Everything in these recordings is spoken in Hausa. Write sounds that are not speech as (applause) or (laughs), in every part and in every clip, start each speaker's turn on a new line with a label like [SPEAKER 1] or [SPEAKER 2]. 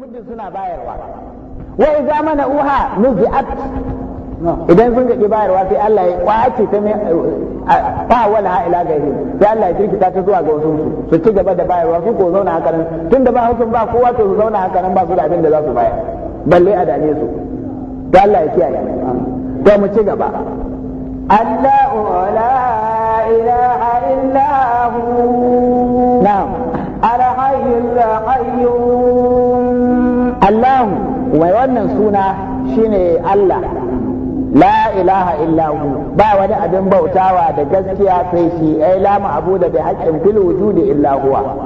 [SPEAKER 1] muddin suna bayarwa wa idza mana uha nuzi'at idan sun gaji bayarwa sai Allah ya kwace ta mai fa wala ha ila gairi sai Allah ya jirkita ta zuwa ga wasu su su ci gaba da bayarwa su ko zauna haka nan tunda ba hukun ba kowa to su zauna haka nan ba su da abin da za su bayar balle a dane su to Allah ya kiyaye to mu ci gaba
[SPEAKER 2] Allah la ilaha illa hu na'am al qayyum
[SPEAKER 1] Allahu wai wannan suna shine Allah la ilaha illahu ba wani abin bautawa da gaskiya sai shi ai la abu da bi haqqin fil wujudi illa huwa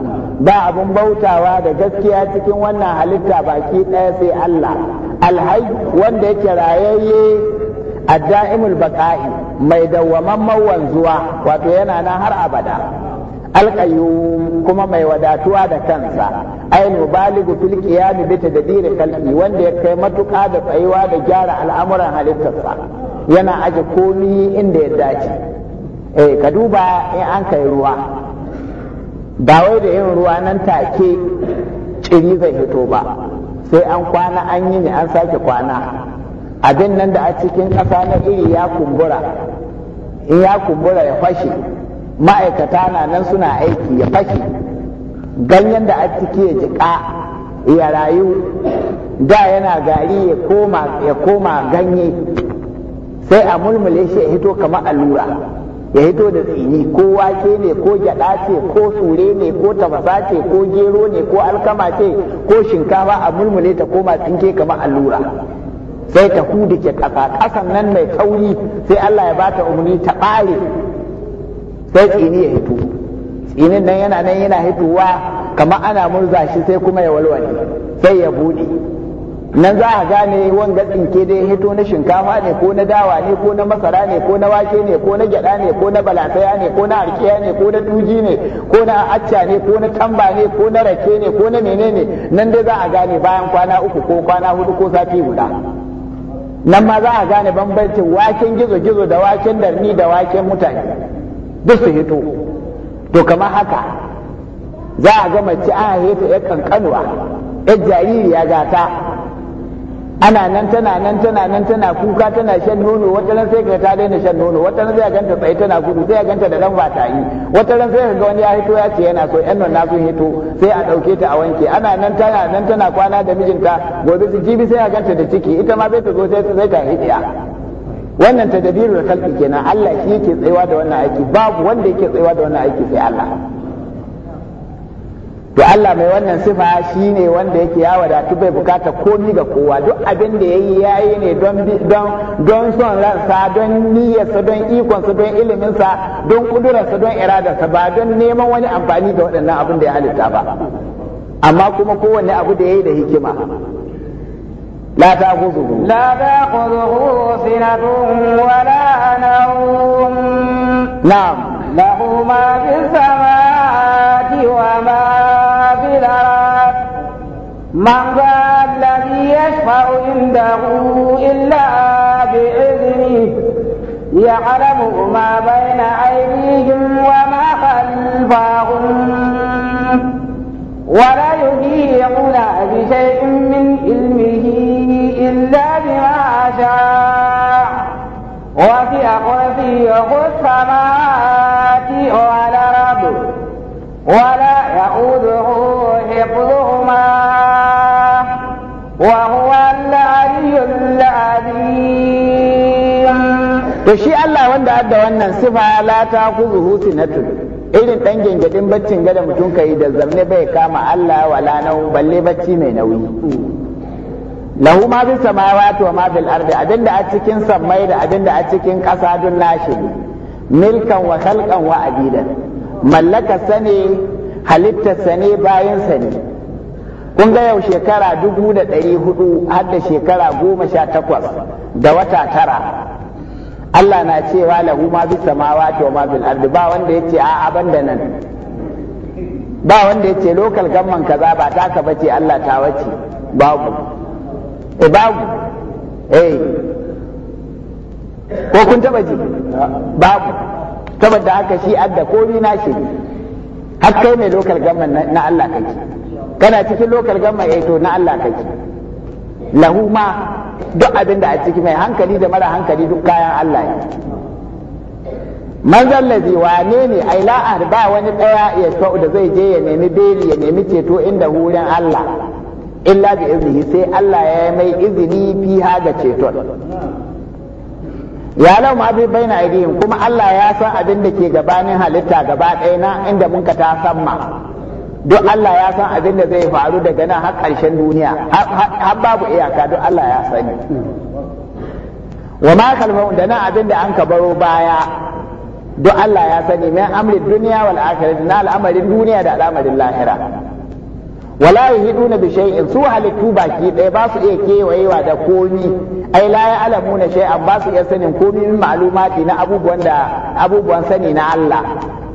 [SPEAKER 1] ba abin bautawa da gaskiya cikin wannan halitta baki ɗaya sai Allah alhayy wanda yake rayayye adda'imul baqa'i mai dawwamamman wanzuwa wato yana nan har abada alƙayyum kuma mai wadatuwa da kansa ainihin baligu fil qiyam bi tadbir khalqi wanda ya kai matuƙa da tsayuwa da gyara al'amuran halittarsa yana aje komi inda ya dace eh ka duba in an kai ruwa ba wai da yin ruwa nan take ciri zai hito ba sai an kwana an yi ne an sake kwana abin nan da a cikin ƙasa na iri ya kumbura in ya kumbura ya fashe ma'aikata na nan suna aiki ya fashi ganyen da a ciki ya jiƙa ya rayu da yana gari ya koma ganye sai a mulmule shi ya hito kamar allura ya hito da tsini ko wake ne ko gyada ce ko sure ne ko tafasa ce ko gero ne ko alkama ce ko shinkafa a mulmule ta koma tsinke kamar allura sai ta hudu ke ƙasa ƙasan nan mai kauri sai Allah ya bata umarni ta ɓare sai tsini ya hito tsinin nan yana nan yana hitowa kamar ana murza shi sai kuma ya walwale sai ya buɗe nan za a gane wanga tsinke dai hito na shinkafa ne ko na dawa ne ko na masara ne ko na wake ne ko na gyada ne ko na balataya ne ko na arkiya ne ko na tuji ne ko na acca ne ko na tamba ne ko na rake ne ko na menene nan dai za a gane bayan kwana uku ko kwana hudu ko sati guda nan ma za a gane bambancin waken gizo-gizo da waken darni da waken mutane duk su hito to kamar haka za a ga mace a hito ya yar ya yar jaririya gata ana nan tana nan tana nan tana kuka tana shan nono wata ran sai ka ta daina shan nono wata ran sai ka ganta tsaye tana gudu sai ka ganta da ran bata yi wata ran sai ka ga wani ya hito ya ce yana so yan nan na sun hito sai a dauke ta a wanke ana nan tana nan tana kwana da mijinta gobe su jibi sai ka ganta da ciki ita ma bai ta zo sai ta hidiya wannan tadabiru da khalqi kenan Allah shi yake tsayawa da wannan aiki babu wanda yake tsayawa da wannan aiki sai Allah to Allah mai wannan sifa shine wanda yake ya wadatu bai bukata komi ga kowa duk abin da yayi yayi ne don don don son ransa don niyyarsa don ikonsa don iliminsa don sa don iradarsa ba don neman wani amfani ga waɗannan abin da ya halitta ba amma kuma kowanne abu da
[SPEAKER 2] yayi da hikima لا تأخذه لا تأخذه سنة ولا نوم نعم له ما في السماوات وما في الأرض من ذا الذي يشفع عنده إلا بإذنه يعلم ما بين أيديهم وما خلفهم ولا يحيطون بشيء من علمه يشاء
[SPEAKER 1] وفي خلقه
[SPEAKER 2] السماوات رب ولا يؤوده حفظهما وهو العلي العظيم to shi Allah wanda
[SPEAKER 1] adda wannan sifa la ta kuzuhu sinatun irin ɗan gengadin baccin gada mutum ka yi da zarne bai kama Allah wala nau balle bacci mai nauyi lahu ma fi samawati wa ma fil ardi abinda a cikin sammai da abinda a cikin ƙasa dun nashi milkan wa khalqan wa abidan mallaka sane halitta sane bayan sane kun ga yau shekara dubu da ɗari hudu har da shekara goma sha takwas da wata tara Allah na cewa lahu ma fi samawati wa ma fil ardi ba wanda yace a'a da nan ba wanda yace lokal gamman kaza ba taka bace Allah ta wace babu e babu eh ko kun taba ji babu saboda haka shi adda ni na shi har kai mai lokal gamma na Allah kake kana cikin lokal gamma eh to na Allah kake lahu ma duk abin da a ciki mai hankali da mara hankali duk kayan Allah ne manzan lazi wane ne ai la'ar ba wani daya ya da zai je ya nemi beli ya nemi ceto inda hurin Allah illa bi iznihi sai Allah ya mai izini fi ga ceton ya lau ma bi baina aidihim kuma Allah ya san abin da ke gabanin halitta gaba ɗaya na inda mun ka ta samma duk Allah ya san abin da zai faru daga nan har ƙarshen duniya har babu iyaka duk Allah ya sani wa ma da nan abin da an ka baro baya duk Allah ya sani mai amrin duniya wal akhirah na al'amarin duniya da al'amarin lahira wala yuhiduna bi shay'in su halittu baki ɗaya ba su iya kewayewa da komi ai la ya'lamuna shay'an ba su iya sanin komi min ma'lumati na abubuwan da abubuwan sani na Allah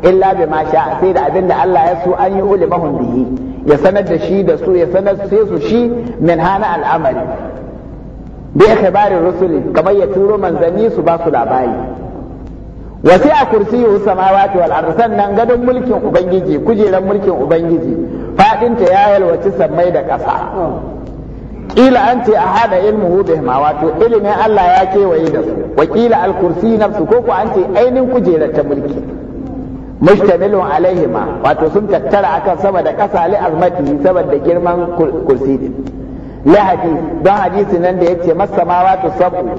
[SPEAKER 1] illa bi ma sha sai da abin da Allah ya so an yi ulimahum bihi ya sanar da shi da su ya sanar sai su shi min hana al'amari bi ikhbarin rusuli kamar ya turo manzanni su ba su labari wasi a kursi samawati wal ardi sannan gadon mulkin ubangiji kujeran mulkin ubangiji faɗinta ya yalwaci sammai da ƙasa ƙila an ce a hada ilmuhu bihima wato ilimin Allah ya kewaye da su wakila al-kursi su ko ko an ce ainihin kujerar ta mulki mushtamilun alaihima wato sun tattara akan sama da ƙasa li azmati saboda girman kursi din don hadisi nan da yace masamawa tu sabu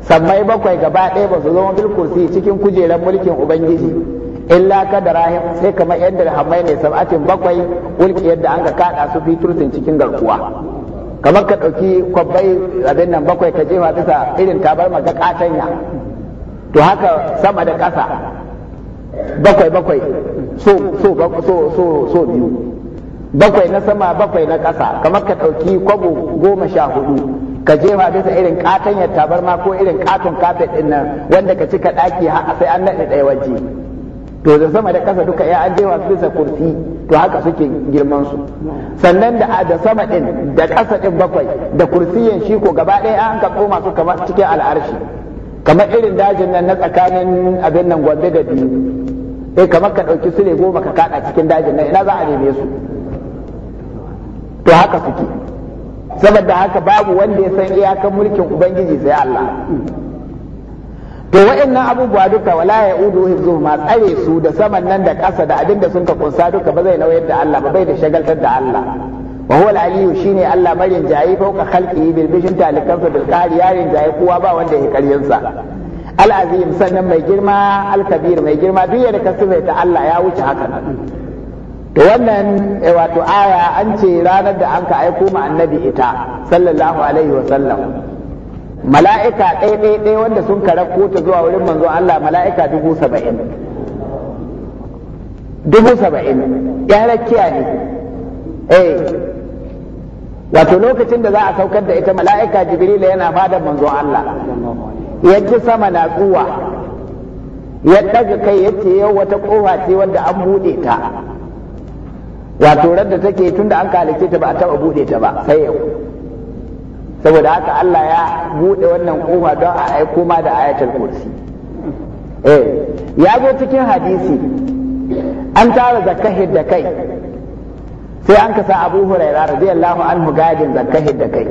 [SPEAKER 1] sammai bakwai gaba ɗaya ba su zama bilkursi cikin kujerar mulkin ubangiji illa ka da rahim sai kamar yadda hamai ne sab'atin bakwai ulki yadda an ka kada su fi cikin garkuwa kamar ka ɗauki kwabbai abin nan bakwai ka jefa bisa irin tabar maka katanya to haka sama da ƙasa bakwai bakwai so so so so so biyu bakwai na sama bakwai na ƙasa kamar ka ɗauki kwabo goma sha hudu ka jefa bisa irin katanyar tabarma ko irin katon kafet ɗin nan wanda ka cika ɗaki sai an naɗe ɗaya waje to da sama da kasa duka ya an bisa kursi to haka suke girman su sannan da da sama din da kasa din bakwai da kursiyin shi ko gaba ɗaya an ka koma su kamar cikin al'arshi kamar irin dajin nan na tsakanin abin nan gwabe da biyu eh kamar ka ɗauki ne goma ka kaɗa cikin dajin nan ina za a neme su to haka suke saboda haka babu wanda ya san iyakan mulkin ubangiji sai Allah to wa'annan abubuwa duka wala ya udu hizu ma tsare su da saman nan da ƙasa da abin da sun ka kunsa duka ba zai nauyar da Allah ba bai da shagaltar da Allah wa huwa aliyu shine Allah marin jayi fauka khalqi bil bishin talikansa bil qari yarin jayi kowa ba wanda ya karyin sa al azim sannan mai girma al kabir mai girma duk yadda ka sifaita Allah ya wuce haka to wannan eh, wato aya an ce ranar da an ka aiko ma annabi ita sallallahu alaihi wa sallam mala'ika ɗaya ɗaya wanda sun karabko ta zuwa wurin manzo Allah mala'ika dubu saba'in dubu saba'in ya rakiya ne eh wato lokacin da za a saukar da ita mala'ika jibrila yana fadar manzo Allah ya sama na tsuwa ya ɗaga kai ya yau wata ƙofa ce wanda an buɗe ta wato radda take tunda an kalike ta ba a taɓa buɗe ta ba sai yau saboda haka Allah ya buɗe wannan kofa don a aiko ma da ayatul kursi eh ya zo cikin hadisi an tara zakahid da kai sai an kasa Abu Hurairah radiyallahu anhu gadin zakahid da kai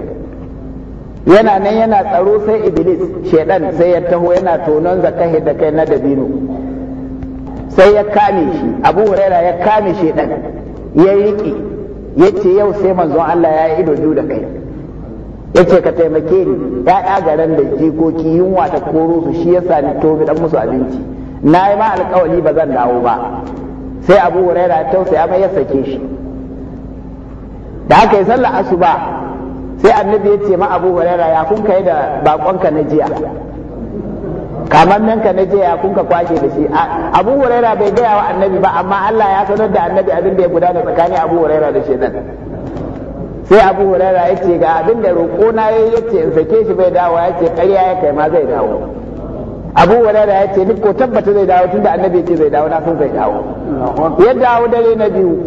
[SPEAKER 1] yana nan yana tsaro sai iblis shedan sai ya taho yana tonon zakahi da kai na dabino sai ya kame shi abu huraira ya kame shedan ya riƙe ya ce yau sai manzon allah ya yi ido biyu da kai ya ce ka taimake ni ya'ya garan da jikoki yunwa ta koro su shi ya ni tobi dan musu abinci na yi ma alkawali ba zan dawo ba sai abu huraira ya tausaya ya ya sake shi da aka yi sallar asuba sai annabi ya ce ma abu huraira ya kun kai da bakonka na jiya kamar nan ka na jiya kun ka kwashe da shi abu huraira bai gaya wa annabi ba amma Allah ya sanar da annabi abin da ya gudana tsakanin abu huraira da shedan sai abu hurara ya ce ga abin da roƙona ya yi ce in sake shi bai dawo ya ce ƙarya ya kai ma zai dawo abu hurara ya ce ni ko tabbata zai dawo tunda annabi ce zai dawo na sun zai dawo ya dawo dare na biyu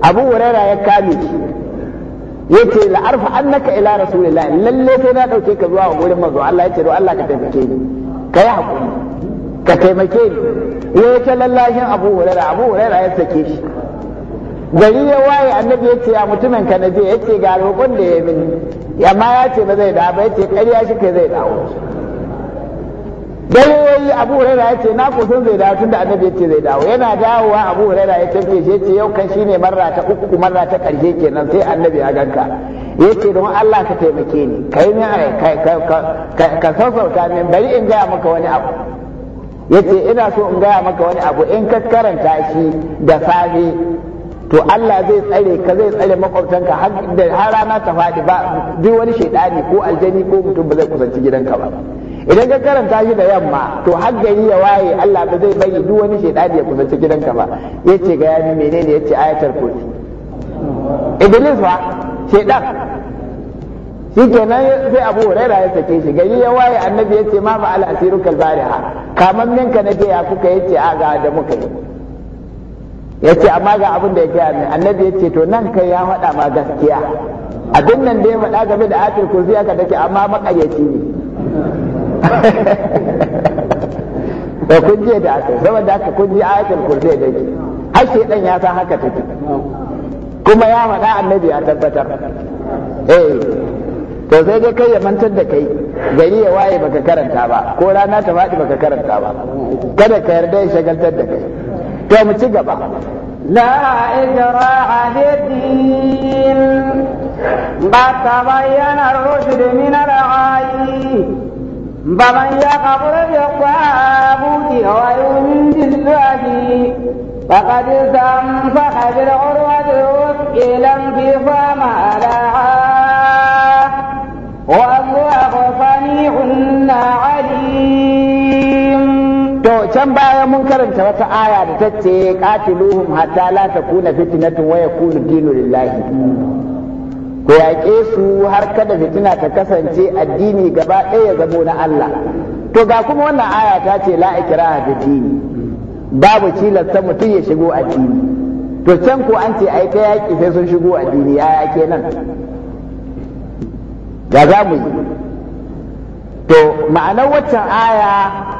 [SPEAKER 1] abu hurara ya kame shi ya ce la'arfa annaka ila rasulillah lalle sai na ɗauke ka zuwa wurin manzo Allah ya ce do Allah ka taimake ni ka yi haƙuri ka taimake ni ya ce lallashin abu hurara abu hurara ya sake shi gari ya waye annabi ya ce a mutumin ka na je ya ce ga roƙon da ya mini amma ya ce ba zai dawo ba ya ce ƙarya shi ke zai dawo dare ya yi abu huraira ya ce na kusan zai dawo tunda annabi ya ce zai dawo yana dawowa abu huraira ya tafi ya ce yau kan shine marra ta uku marra ta ƙarshe kenan sai annabi ya ganka ya ce don Allah ka taimake ni ka yi min ka sassauta min bari in gaya maka wani abu ya ce ina so in gaya maka wani abu in ka karanta shi da safe to Allah zai tsare ka zai tsare makwabtanka har har rana ta faɗi ba duk wani shaidani ko aljani ko mutum ba zai kusanci gidanka ba idan ka karanta shi da yamma to har gari ya waye Allah ba zai bari duk wani shaidani ya kusanci gidanka ba yace ga yami menene yace ayatul kursi Iblis fa shaitan shi kenan sai abu Raira ya sake shi gari ya waye annabi ya ce ma fa'ala asirukal bariha kamar minka na je ya kuka yace a ga da muka yi ya ce amma ga abin da ya gaya mai annabi ya ce to nan kai ya faɗa ma gaskiya abin nan da ya faɗa game da kurzi kursi haka take amma makayyaci ne da (laughs) kun je da aka saboda haka kun ji ayatul kursi da ke har dan ya san haka take kuma ya faɗa annabi ya tabbatar eh to sai dai kai ya mantar da kai gari ya waye baka karanta ba ko rana ta faɗi baka karanta ba kada ka yarda ya shagaltar da kai to mu ci gaba
[SPEAKER 2] la ikraha din ba ta bayyana rushd min al-ayi ba man ya kabura ya qabuti wa yumin billahi faqad urwa bil urwati ila fama
[SPEAKER 1] to can baya mun karanta wata aya da ta ce katiluhum hatta la takuna fitnatun wa yakunu dinu lillahi ku yaƙe su har kada fitina ta kasance addini gaba ɗaya ya zamo na Allah to ga kuma wannan aya ta ce la ikraha fi dini babu cilasta mutum ya shigo addini to can ko an ce ai ta yaƙi sai sun shigo addini yaya kenan ga za mu yi to ma'anar waccan aya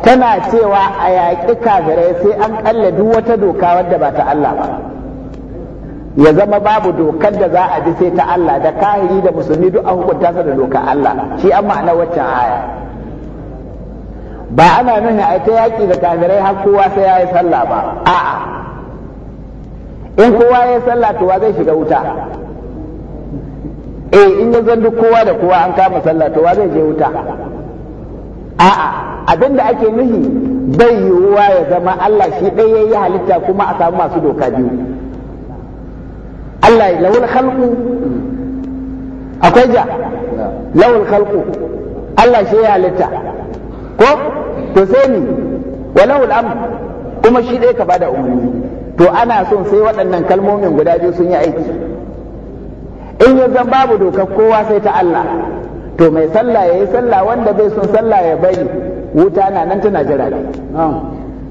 [SPEAKER 1] tana cewa a yaƙi kafirai sai an ƙalla duk wata doka wadda ba ta Allah ba ya zama babu dokar da za a bi sai ta Allah da kahiri da musulmi duk an hukunta sa da doka Allah shi an ma'ana waccan aya ba ana nuna a ta yaƙi da kafirai har kowa sai ya yi sallah ba a'a in kowa ya yi sallah to wa zai shiga wuta eh in ya zan duk kowa da kowa an kama sallah to wa zai je wuta a'a abinda ake nuhi bai yiwuwa ya zama Allah shi ɗaya ya yi halitta kuma a samu masu doka biyu Allah ya lawul khalqu akwai ja lawul khalqu Allah shi ya halitta ko to sai ni walau am kuma shi ɗaya ka bada umarni to ana son sai waɗannan kalmomin guda biyu sun yi aiki in ya zan babu dokar kowa sai ta Allah to mai sallah ya yi sallah wanda bai son sallah ya bari wuta na nan tana jira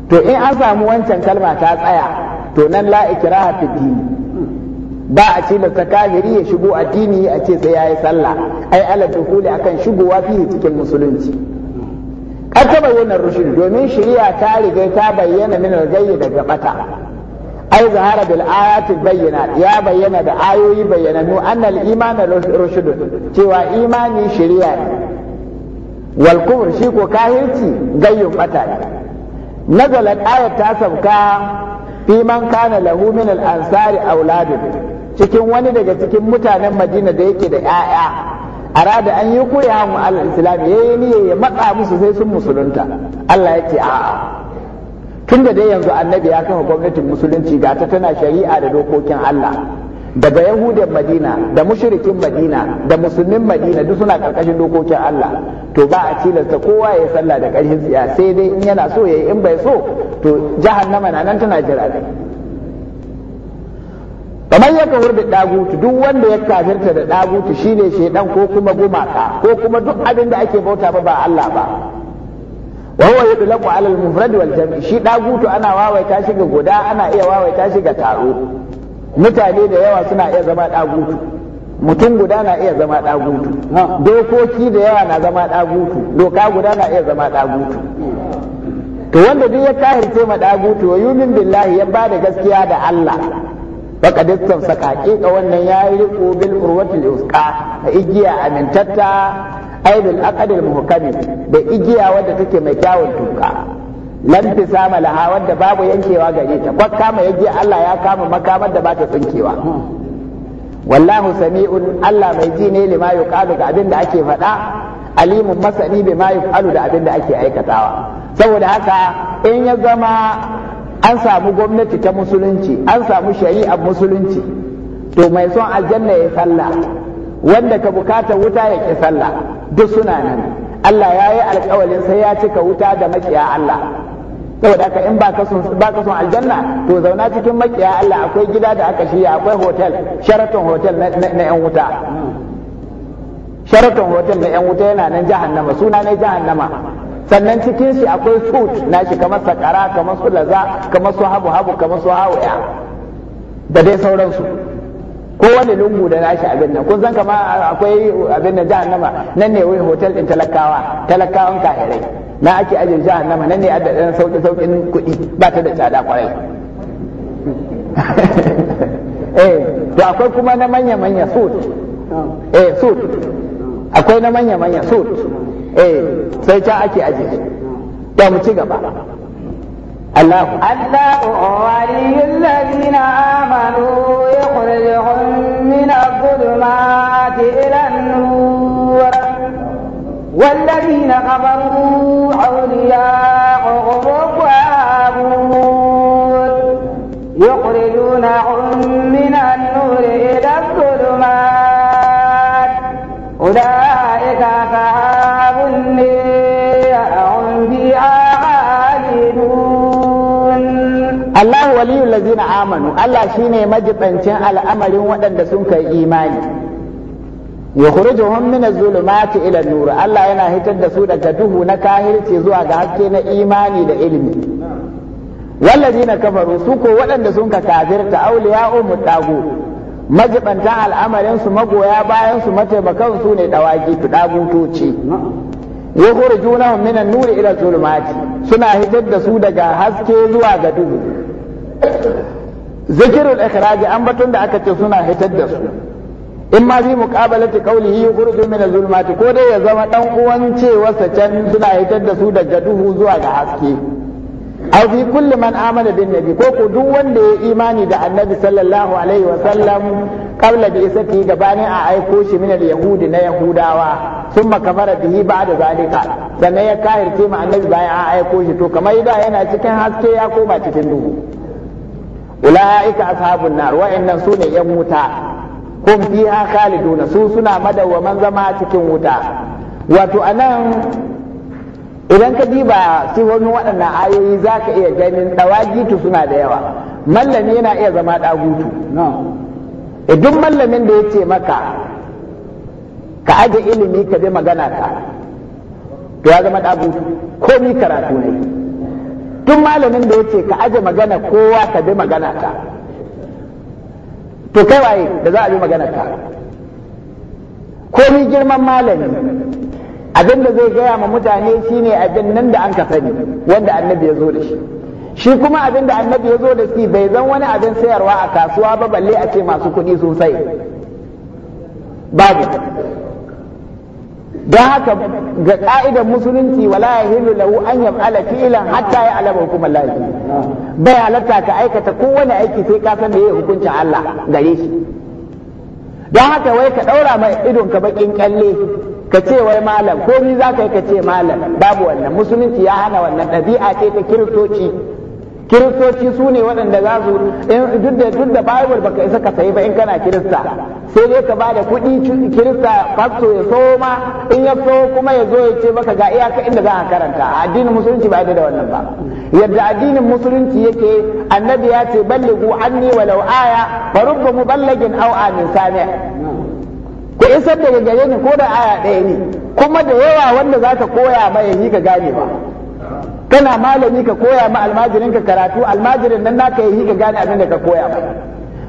[SPEAKER 1] to in an samu wancan kalma ta
[SPEAKER 2] tsaya
[SPEAKER 1] to nan la ikraha fi dini ba a ce ta kafiri ya shigo addini a ce sai yayi sallah ai ala dukuli akan shigowa fihi cikin musulunci kar ta bayyana rushd domin shari'a ta riga ta bayyana min al da daga bata ai zahara bil ayati bayyana ya bayyana da ayoyi bayyana annal iman rushd cewa imani shari'a ne wal kufr shi ko kahirci gayyun bata ne nazalat ayat ta sabka fi man kana lahu al ansari auladu cikin wani daga cikin mutanen Madina da yake da 'ya'ya arada an yi koya mu al islam yayi niyya ya matsa musu sai sun musulunta Allah ya ce a'a tunda dai yanzu annabi ya kama gwamnatin musulunci ga ta tana shari'a da dokokin Allah daga yahudan madina da mushrikin madina da musulmin madina duk suna karkashin dokokin Allah to ba a tilasta kowa ya sallah da karshen tsiya sai dai in yana so yayi in bai so to jahannama na nan tana jira ne kamar ya kawar dagutu duk wanda ya kafirta da dagutu shine shedan ko kuma gumaka ko kuma duk abin da ake bauta ba ba Allah ba wa huwa yudlaqu ala al-mufrad wal jam'i shi dagutu ana wawaita shi ga guda ana iya wawaita shi ga taro mutane da yawa suna iya zama ɗagutu mutum guda na iya zama ɗagutu dokoki da yawa na zama ɗagutu doka guda na iya zama ɗagutu to wanda duk ya kahirce ma ɗagutu wa yumin billahi ya ba da gaskiya da Allah baka dittan saka hakika wannan ya yi riko bil urwatil usqa igiya amintatta aibil aqdil muhkami da igiya wadda take mai kyawun tuka lan sama laha wadda babu yankewa gare ta kwak kama yaje Allah ya kama makamar da ba ta tsinkewa wallahu sami'un Allah mai ji ne lima yuqalu ga abin da ake faɗa alimun masani bi ma yuqalu da abin da ake aikatawa saboda haka in ya zama an samu gwamnati ta musulunci an samu shari'a musulunci to mai son aljanna ya sallah wanda ka bukata wuta ya ki sallah duk suna nan Allah ya yi alkawalin sai ya cika wuta da makiya Allah saboda haka in baka son baka son aljanna to zauna cikin makiya Allah akwai gida da aka shirya akwai hotel sharatan hotel na yan wuta Sharatan hotel na yan wuta yana nan jahannama suna ne jahannama sannan cikin shi akwai food na shi kamar sakara kamar su laza kamar su habu habu kamar su hawaya da dai sauransu Ko wani lungu da nashi abin nan kun san kama akwai abin nan jahannama nan ne wai hotel din talakawa talakawan kahirai na ake aje nama nan ne a da sauƙi sauƙin kuɗi ba ta da tsada kwarai (laughs) eh to akwai kuma na manya manya suit eh suit akwai na manya manya suit eh sai ta ake aje ya mu ci gaba الله
[SPEAKER 2] الله ولي الذين آمنوا يخرجهم من الظلمات إلى النور والذين كفروا أولياءهم الطاغوت يخرجونهم من النور إلى الظلمات أولئك أصحاب النار هم فيها خالدون الله ولي
[SPEAKER 1] الذين آمنوا الله شيني مجبن الأمر وأن سنك إيماني yukhrijuhum min az-zulumati ila an-nur Allah yana hitar da su daga duhu na kahirce zuwa ga haske na imani da ilimi wallazina kafaru su ko waɗanda sun ka kafirta awliya'u mutagu majibanta al'amarin su magoya bayan su mataimakan su ne dawaki tudagutoci yukhrijunahum min an-nur ila zulumati suna hitar da su daga haske zuwa ga duhu zikirul ikhraji an batun da aka ce suna hitar da su in ma bi muqabalati qawlihi yukhrijum min az ko dai ya zama dan uwan cewarsa can suna hitar da su daga duhu zuwa ga haske aw fi kulli man amana bin nabi ko ko duk wanda ya imani da annabi sallallahu alaihi wa sallam qabla bi isati gabanin a aiko shi min al-yahudi na yahudawa thumma kafara bihi ba'da zalika sannan ya kahirce ma annabi bayan a aiko shi to kamar da yana cikin haske ya koma cikin duhu ulaika ashabun nar wa'annan sune yan wuta Kun fi fiha khaliduna su suna madawwaman zama cikin wuta wato anan idan ka diba wani waɗannan ayoyi za ka iya ganin ɗawagitu suna da yawa mallami yana iya zama ɗagutu eh, duk mallamin da ya ce maka ka aje ilimi ka bi magana ka to ya zama ɗagutu komi karatu ne tun malamin da ya ce ka aje magana kowa ka bi magana ka to kai waye da za a yi maganar ka ko ni girman malami abin da zai gaya ma mutane shine abin nan da an ka sani wanda annabi ya zo da shi shi kuma abin da annabi ya zo da shi bai zan wani abin sayarwa a kasuwa ba balle a ce masu kuɗi sosai babu don haka ga ka'idar musulunci wala ya hilu lahu an ala fi'lan hatta ya alama hukumar Ba bai halatta ka aikata kowane aiki sai ka san da yayi hukuncin Allah gare shi don haka wai ka ɗaura mai idon ka bakin kalle ka ce wai malam ko ni za ka yi ka ce malam babu wannan musulunci ya hana wannan ɗabi'a ce ta kiristoci kiristoci su ne waɗanda za su duk da duk da bible baka isa ka sayi ba in kana kirista sai dai ka bada kuɗi kirista fasto ya so ma in ya so kuma ya zo ya ce baka ga iyaka inda za a karanta addinin musulunci ba da wannan ba yadda addinin musulunci yake annabi ya ce ballighu anni walau aya fa rubba muballagin aw amin sami ku isar da gare ni ko da aya ɗaya ne kuma da yawa wanda za ka koya ba ya yi ka gane ba kana malami ka koya ma almajirinka karatu almajirin nan naka yi ka gane abin da ka koya ma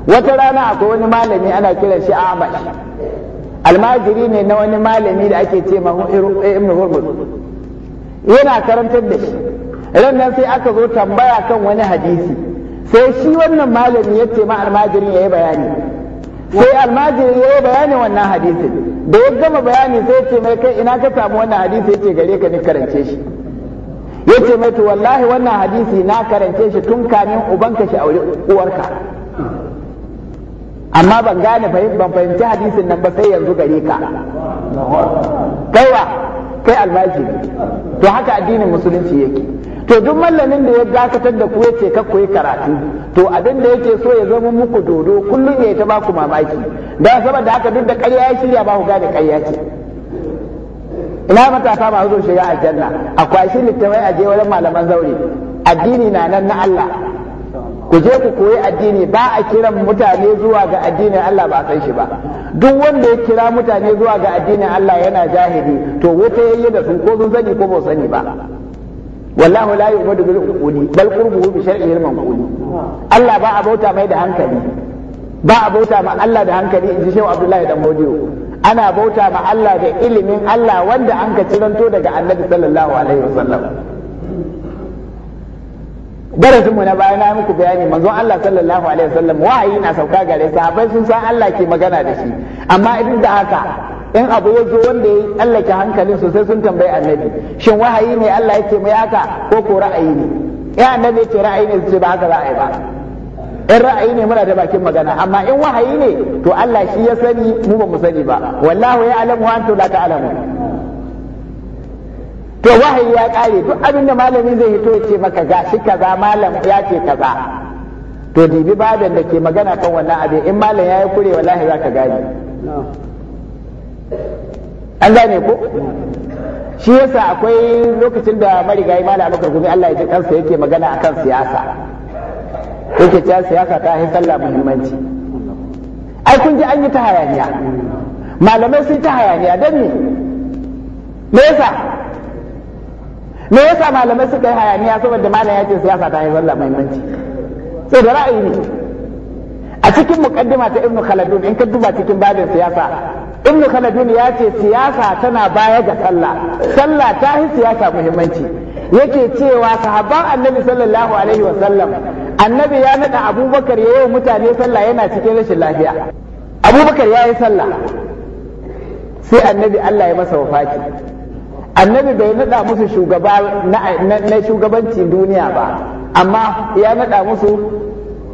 [SPEAKER 1] wata rana akwai wani malami ana kiran shi Ahmad almajiri ne na wani malami da ake ce ma Ibn Hurmuz yana karantar da shi ran nan sai aka zo tambaya kan wani hadisi sai shi wannan malami ya ce ma almajirin yayi bayani sai almajirin yayi bayani wannan hadisin da ya gama bayani sai ya ce mai kai ina ka samu wannan hadisi yake gare ka ni karance shi yace mai to wallahi wannan hadisi na karance shi tun kamin ubanka shi aure uwarka amma ban gane ban fahimci hadisin nan ba sai yanzu gare ka kaiwa kai almaji to haka addinin musulunci yake to duk mallamin da ya dakatar da ku yace ka koyi karatu to abin da yake so ya zama muku dodo kullum ya ta baku mamaki da saboda haka duk da ƙarya ya shirya ba ku gane ƙarya ce ina matasa masu zo shiga aljanna Akwai shi littafai aje wajen malaman zaure addini na nan na Allah ku je ku koyi addini ba a kiran mutane zuwa ga addinin Allah ba a san shi ba duk wanda ya kira mutane zuwa ga addinin Allah yana jahili to wuta yayi da su ko sun sani ko ba sani ba wallahu la yu'budu bil uquli bal qurbu bi shar'ihi al-manquli Allah ba a bauta mai da hankali ba a bauta ma Allah da hankali in ji Shehu Abdullahi dan Modiyo ana bauta ma Allah da ilimin Allah wanda an ka ciranto daga annabi sallallahu alaihi wasallam darasin mu na baya na muku bayani manzo Allah sallallahu alaihi wasallam wahayi na sauka gare sahabbai sun san Allah ke magana da shi amma idan da haka in abu ya zo wanda ya tsallake hankalin sosai sun tambayi annabi shin wahayi ne Allah yake mai haka ko ko ra'ayi ne ya annabi ce ra'ayi ne su ce ba haka za a yi ba in ra'ayi ne muna da bakin magana amma in wahayi ne to Allah shi ya sani mu ba mu sani ba wallahu ya alamu wa antum la ta'lamu to wahayi ya kare duk abin da malami zai hito ya ce maka shi kaza malam ya ce kaza to dibi badan da ke magana kan wannan abin in malam ya yi kure wallahi za ka gane an gane ko shi yasa akwai lokacin da marigayi malam Abubakar Allah ya ji kansa yake magana akan siyasa yake ta siyasa ta hin sallah muhimmanci ai kun ji an yi ta hayaniya malamai sun ta hayaniya don ne me yasa me yasa malamai suka yi hayaniya saboda malam ya ce siyasa ta yi sallah muhimmanci sai da ra'ayi ne a cikin muqaddima ta ibnu khaldun in ka duba cikin babin siyasa ibnu khaldun ya ce siyasa tana baya ga sallah sallah ta yi siyasa muhimmanci yake cewa sahabban annabi sallallahu alaihi wa sallam annabi ya naɗa abubakar ya yi mutane sallah yana cikin rashin lafiya abubakar ya yi sallah sai annabi allah ya masa wafaki annabi bai naɗa musu shugaba na shugabancin duniya ba amma ya naɗa musu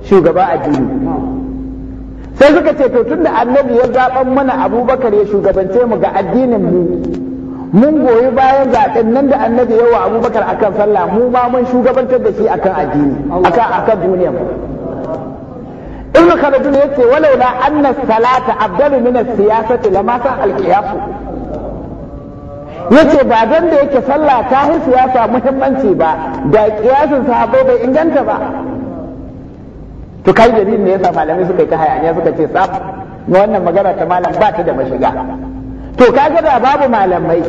[SPEAKER 1] shugaba addini sai suka ce to tunda annabi ya zaɓan mana abubakar ya shugabance mu ga addinin mu mun goyi bayan zaɓen nan da annabi yawa abubakar akan sallah mu ma mun shugabantar da shi akan addini akan akan duniya ibnu khaldun yace walau la anna salata afdalu min as-siyasati lama sa al ba dan da yake sallah ta hin siyasa muhimmanci ba da kiyasin sahabbai bai inganta ba to kai dalilin ne yasa malamai suka yi ta hayaniya suka ce tsaf wannan magana ta malam ba ta da mashiga to kaga da babu malamai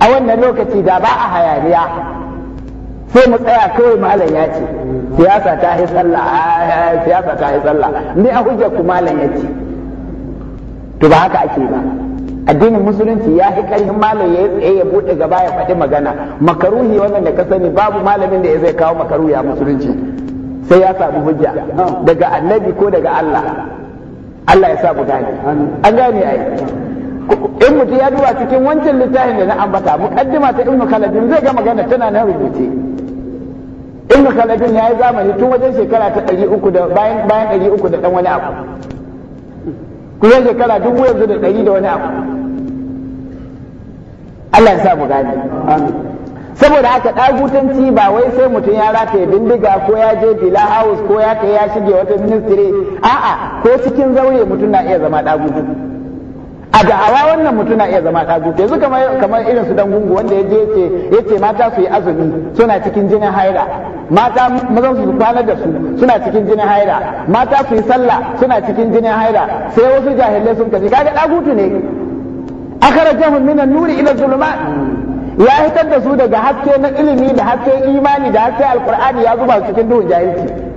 [SPEAKER 1] a wannan lokaci da ba a hayaniya sai mu tsaya kawai malam ya ce siyasa ta yi sallah siyasa ta yi sallah ni a hujja ku malam ya ce to ba haka ake ba addinin musulunci ya fi karfin malam ya tsaye ya bude gaba ya faɗi magana makaruhi wannan da ka sani babu malamin da ya zai kawo makaruhi a musulunci sai ya samu hujja daga annabi ko daga Allah Allah ya sa mu gane an gane ai in mutum ya duba cikin wancan littafin da na ambata mukaddima ta ibnu kalabin zai ga magana tana na rubuce ibnu kalabin ya yi zamani tun wajen shekara ta ɗari uku da bayan bayan ɗari uku da ɗan wani abu kusan shekara dubu yanzu da ɗari da wani abu Allah ya sa mu gane saboda haka ɗagutanci ba wai sai mutum ya rataye bindiga ko ya je bila house ko ya kai ya shige wata ministry a'a ko cikin zaure mutum na iya zama ɗagutu a da'awa wannan mutum na iya zama ta zuke su kamar irin su dangungu wanda ya je ya ce mata su yi azumi suna cikin jinin haira mata mazan su kwanar da su suna cikin jinin haira mata su yi sallah suna cikin jinin haira sai wasu jahilai sun kaji kaga ɗagutu ne akharajahum minan nuri ila zulumat ya hitar da su daga haske na ilimi da haske imani da haske alqur'ani ya zuba cikin duhun jahilci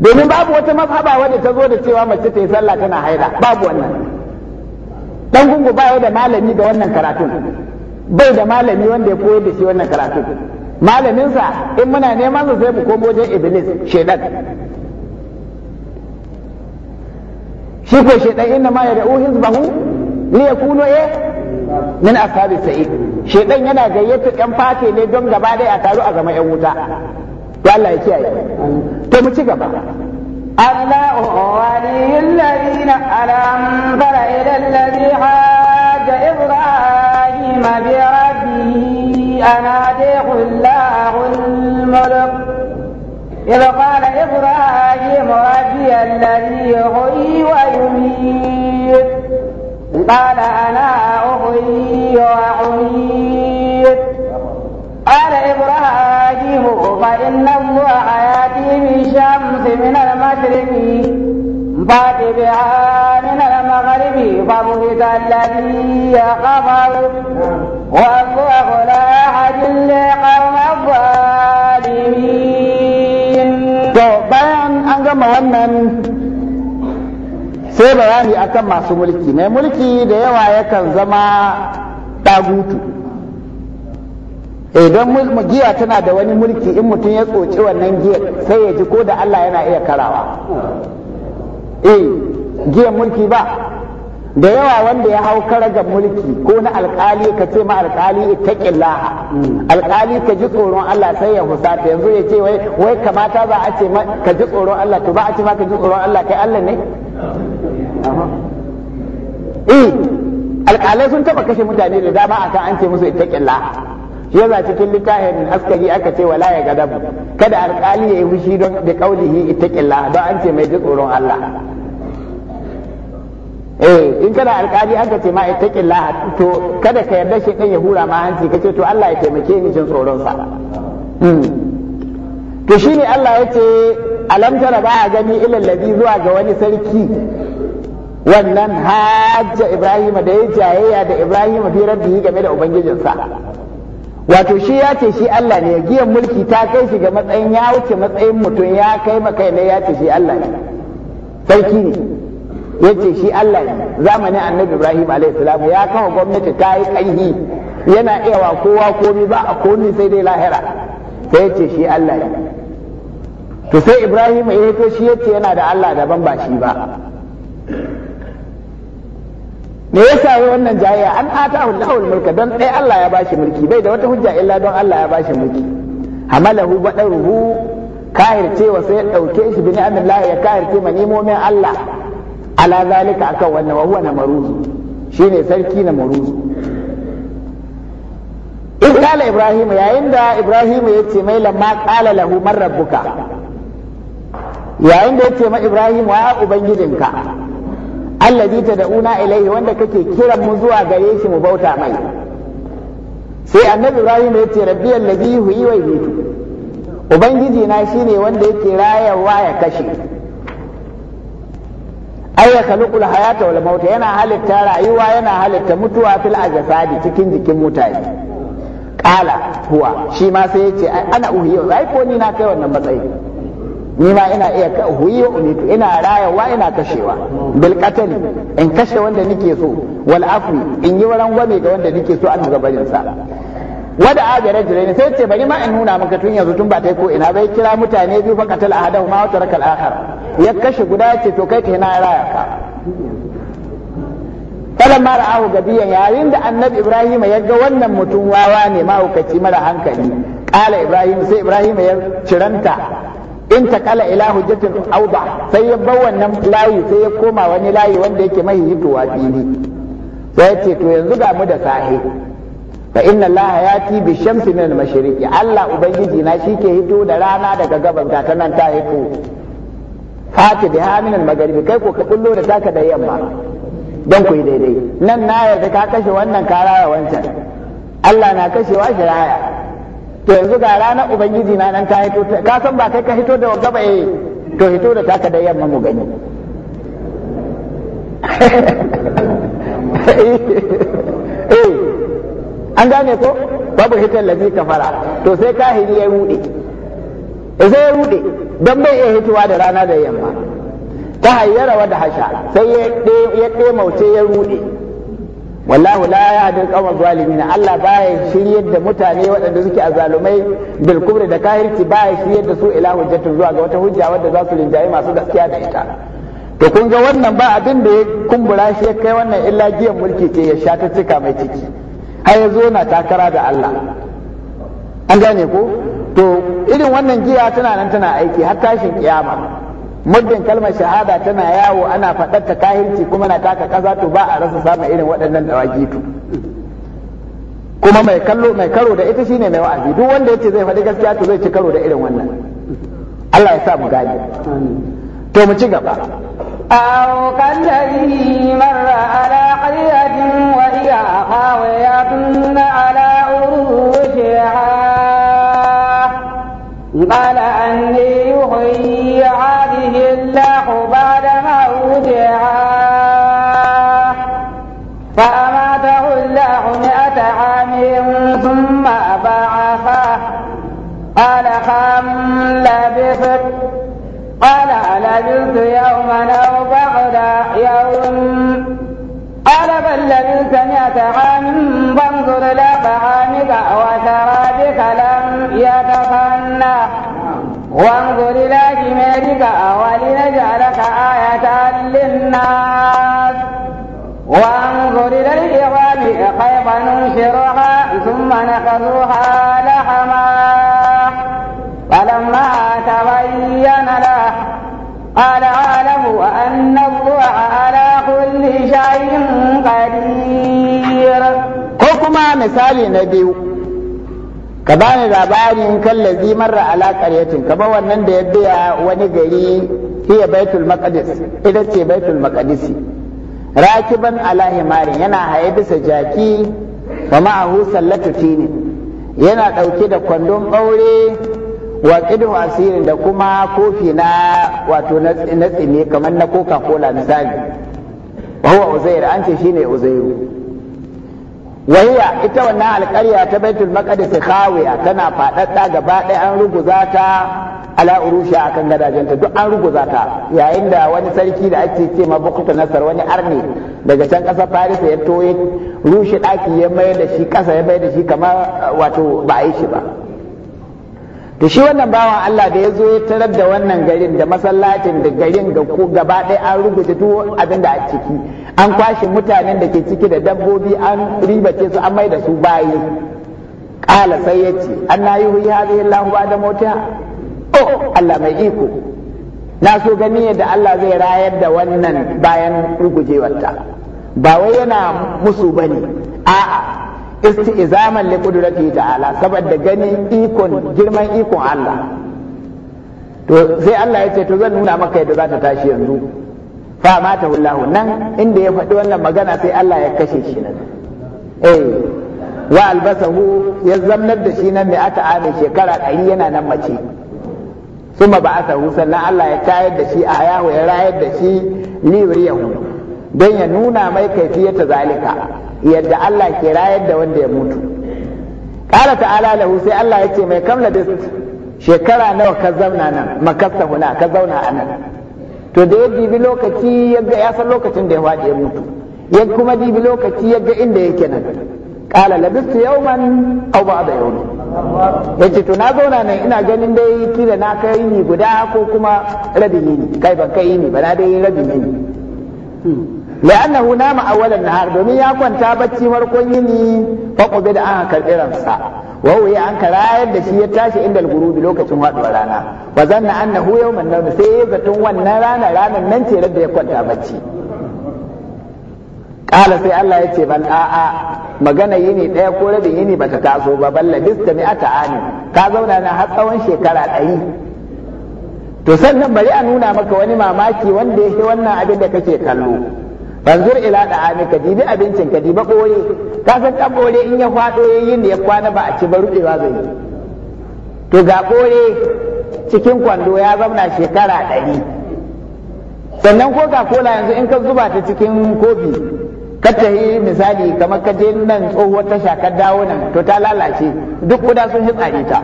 [SPEAKER 1] domin babu wata mazhaba wadda ta zo da cewa mace ta yi sallah tana haida babu wannan dan gungu ba da malami da wannan karatun bai da malami wanda ya koyar da shi wannan karatun malaminsa in muna neman su sai mu komo wajen iblis shedan shi ko shedan inna ma yad'u hizbahu li yakunu eh min ashabi sa'id shedan yana gayyata yan fate ne don gaba dai a taru a zama yan wuta ya Allah ya kiyaye to mu ci gaba
[SPEAKER 2] الله ولي الذين ألم تر إلى الذي حاج إبراهيم بربه أن آتيه الله الملك إذ قال إبراهيم ربي الذي يحيي ويميت قال أنا أحيي وأميت أقسم فإن الله يأتي بالشمس من المشرق فات بها من المغرب فبهت الذي كفر والله لا أحد لقوم الظالمين. بيان أنجم ومن
[SPEAKER 1] sai bayani akan masu mulki mai mulki da yawa yakan zama tagutu idan don giya tana da wani mulki in mutum ya tsoci wannan giya sai ya ji ko da Allah yana iya karawa eh giyan mulki ba da yawa wanda ya hau karagar mulki ko na alkali ka ce ma alkali ittaqillaha alkali ka ji tsoron Allah sai ya husata yanzu ya ce wai kamata ba a ce ma ka ji tsoron Allah to ba a ce ma ka ji tsoron Allah kai Allah ne eh alkalai sun taba kashe mutane da dama akan an ce musu ittaqillaha shi yasa cikin littafin askari aka ce wala ya gadabu kada alkali ya yi fushi don da kaulihi ittaqilla don an ce mai ji tsoron Allah eh in kada alkali aka ce ma ittaqilla to kada ka yarda shi dan ya hura ma hanci kace to Allah ya taimake ni jin tsoron sa hmm. to shine Allah ya ce alam tara ba gani ilal ladhi zuwa ga wani sarki wannan hajja Ibrahim da ya jayayya da Ibrahim fi rabbihi game da ubangijinsa wato shi ya ce shi Allah ne giyan mulki ta kai shi ga matsayin ya wuce matsayin mutum ya kai makai ne ya ce shi Allah ne sarki ne ya ce shi Allah ne zamanin annabi Ibrahim alaihissalam ya kama gwamnati ta yi kaihi yana iya kowa komi ba a komi sai dai lahira sai ya ce shi Allah ne to sai Ibrahim ya to shi ya ce yana da Allah daban ba shi ba me ya wannan jayayya an ata hu lahu mulka dan ɗaya Allah ya bashi mulki bai da wata hujja illa don Allah ya bashi mulki hamalahu badaruhu ce wa sai ya dauke shi bi ni'amin Allah ya kahirce nemomin Allah ala zalika akan wannan wa huwa namaruzu shine sarki na maruzu in kala ibrahim yayin da ibrahim ya ce mai lamma kala lahu man rabbuka yayin da ya ce ma ibrahim wa ubangijinka allazi tad'una ilaihi wanda kake kiran mu zuwa gare shi mu bauta mai sai annabi Ibrahim ya ce rabbi allazi huyi wa ubangiji na shine wanda yake rayarwa ya kashe ay ya hayata wal mauta yana halitta rayuwa yana halitta mutuwa fil ajsadi cikin jikin mutane qala huwa shi ma sai yace ana uhiyo ai ko ni na kai wannan matsayi ni ma ina iya ka huyi umitu ina rayawa ina kashewa bil qatali in kashe wanda nake so wal afwi in yi gwame ga wanda nake so an barin sa wada aga rajulaini sai ce bari ma in nuna maka tun yanzu tun ba ta ko ina bai kira mutane biyu fa qatala ahadahu ma wa taraka al akhar ya kashe guda ce to kai ta ina raya ka mara ahu gabiyan yayin da annabi ibrahim ya ga wannan mutum wawa ne mahaukaci mara hankali kala ibrahim sai ibrahim ya ciranta in ta kala ila hujjatin auda sai ya bar wannan layi sai ya koma wani layi wanda yake mai hitowa fili sai ce to yanzu ga mu da sahi fa inna allaha yati bi shamsi min mashriqi allah ubangiji na shike hito da rana daga gaban ta nan ta hito fati biha min al-maghribi kai ko ka kullo da taka da yamma Dan ku daidai nan na yarda ka kashe wannan karaya wancan allah na kashewa shi raya to yanzu ga ranar ubangiji na nan ta hito ka san ba kai ka hito da gaba eh to hito da taka da yamma mu gani (laughs) eh, eh. an gane ko babu hitar ka fara to sai hiri ya rude sai ya rude don bai iya hitowa da rana da yamma ta hayyara wa da hasha sai ya ɗe mauce ya rude wallahu la yahdi al-qawm zalimin Allah baya shiryar da mutane waɗanda suke azalumai bil kubri da kahirci baya shiryar da su ila hujjatun zuwa ga wata hujja wadda za su linjayi masu gaskiya da ita to kun ga wannan ba abin da ya kumbura shi ya kai wannan illa giyan mulki ce ya sha ta cika mai ciki har ya zo na takara da Allah an gane ko to irin wannan giya tana nan tana aiki har tashin kiyama muddin kalmar shahada tana yawo ana faɗar ta kahirci kuma na taka ƙasa to ba a rasa samun irin waɗannan dawaki to kuma mai kallo mai karo da ita shine mai wa'azi duk wanda yace zai faɗi gaskiya to zai ci karo da irin wannan Allah ya sa mu gane to mu ci gaba
[SPEAKER 2] أو كالذي مر على قرية وهي خاوية على عروشها قال أني يحيي يحييه الله بعد موتها فأماته الله مئة عام ثم بعثه قال كم لبثت قال لبثت يوما أو بعد يوم قال بل لبثت مئة عام فانظر إلى طعامك وشرابك لم يتفنه وانظر إلى جمالك ولنجعلك آية للناس
[SPEAKER 1] وانظر إلى العظام كيف ننشرها
[SPEAKER 2] ثم نخذوها لحما فلما تبين له قال أعلم أن الله على كل شيء قدير. كوكما مثالي نبيو
[SPEAKER 1] ka ba ni labarin kallazi marra ala qaryatin ka ba wannan da ya biya wani gari hiya baitul maqdis ita ce baitul maqdis rakiban ala himarin yana haye bisa jaki wa ma'ahu sallatu tini yana ɗauke da kwandon aure wa qidhu asirin da kuma kofi na wato na tsine kamar na coca cola misali wa huwa uzair an ce shine uzairu wahiya ita wannan alƙarya ta baitul maqdis khawiya tana faɗaɗɗa gaba ɗaya an ruguza ta ala urusha akan gadajenta duk an ruguza ta yayin da wani sarki da ake ce ma bukutu nasar wani arni daga can ƙasar faris ya toye rushe ɗaki ya mayar da shi ƙasa ya mayar da shi kamar wato ba a yi shi ba to shi wannan bawan Allah da ya zo ya tarar da wannan garin da masallacin da garin ga ku gaba ɗaya an rubuta duk abin da a ciki an kwashe mutanen da ke ciki da dabbobi an ribace su an mai da su bayi ƙala sai ya ce an na yi huyi ba da mota oh Allah mai iko na so gani yadda Allah zai rayar da wannan bayan rugujewarta ba wai yana musu bane a'a isti'zaman li qudratihi ta'ala saboda gani ikon girman ikon Allah to sai Allah ya ce to zan nuna maka yadda za ta tashi yanzu fa mata wallahu nan inda ya faɗi wannan magana sai Allah ya kashe shi nan eh wa albasahu ya zamnar da shi nan mai aka amin shekara ɗari yana nan mace suma ba hu? sannan Allah ya tayar da shi a hayahu ya rayar da shi liwriyahu don ya nuna mai kaifiyata zalika yadda Allah ke rayar da wanda ya mutu ƙara ta'ala lahu sai Allah ya ce mai kamla da shekara nawa ka zauna nan makasta huna ka zauna a nan to da ya dibi lokaci yaga ya san lokacin da ya waje ya mutu ya kuma dibi lokaci yaga inda yake nan qala labistu yawman aw
[SPEAKER 2] ba'da ya
[SPEAKER 1] ce to na zauna nan ina ganin dai kila na kai ni guda ko kuma rabin ni kai ban kai ni ba na dai rabin ni la'annahu nama awwalan nahar domin ya kwanta bacci markon yini fa da aka karbi ransa wa huwa an karayar da shi ya tashi inda al lokacin waduwar rana wa zanna annahu yawman nawm sai ya zaton wannan rana ranan nan ce da ya kwanta bacci kala sai Allah ya ce bal a'a magana yini ɗaya ko rabin yini bata taso ba balla bista mi'ata ani ka zauna na har tsawon shekara ɗari to sannan bari a nuna maka wani mamaki wanda ya yake wannan abin da kake kallo banzur ila da ami ka dibi abincin ka dibi kore, ka san dan kore in ya fado yayin da ya kwana ba a ci ba rubewa zai yi to ga kore cikin kwando ya zauna shekara ɗari sannan ko ga kola yanzu in ka zuba ta cikin kofi ka tahi misali kamar ka je nan tsohuwar tasha ka dawo nan to ta lalace duk kuda sun hitsare ta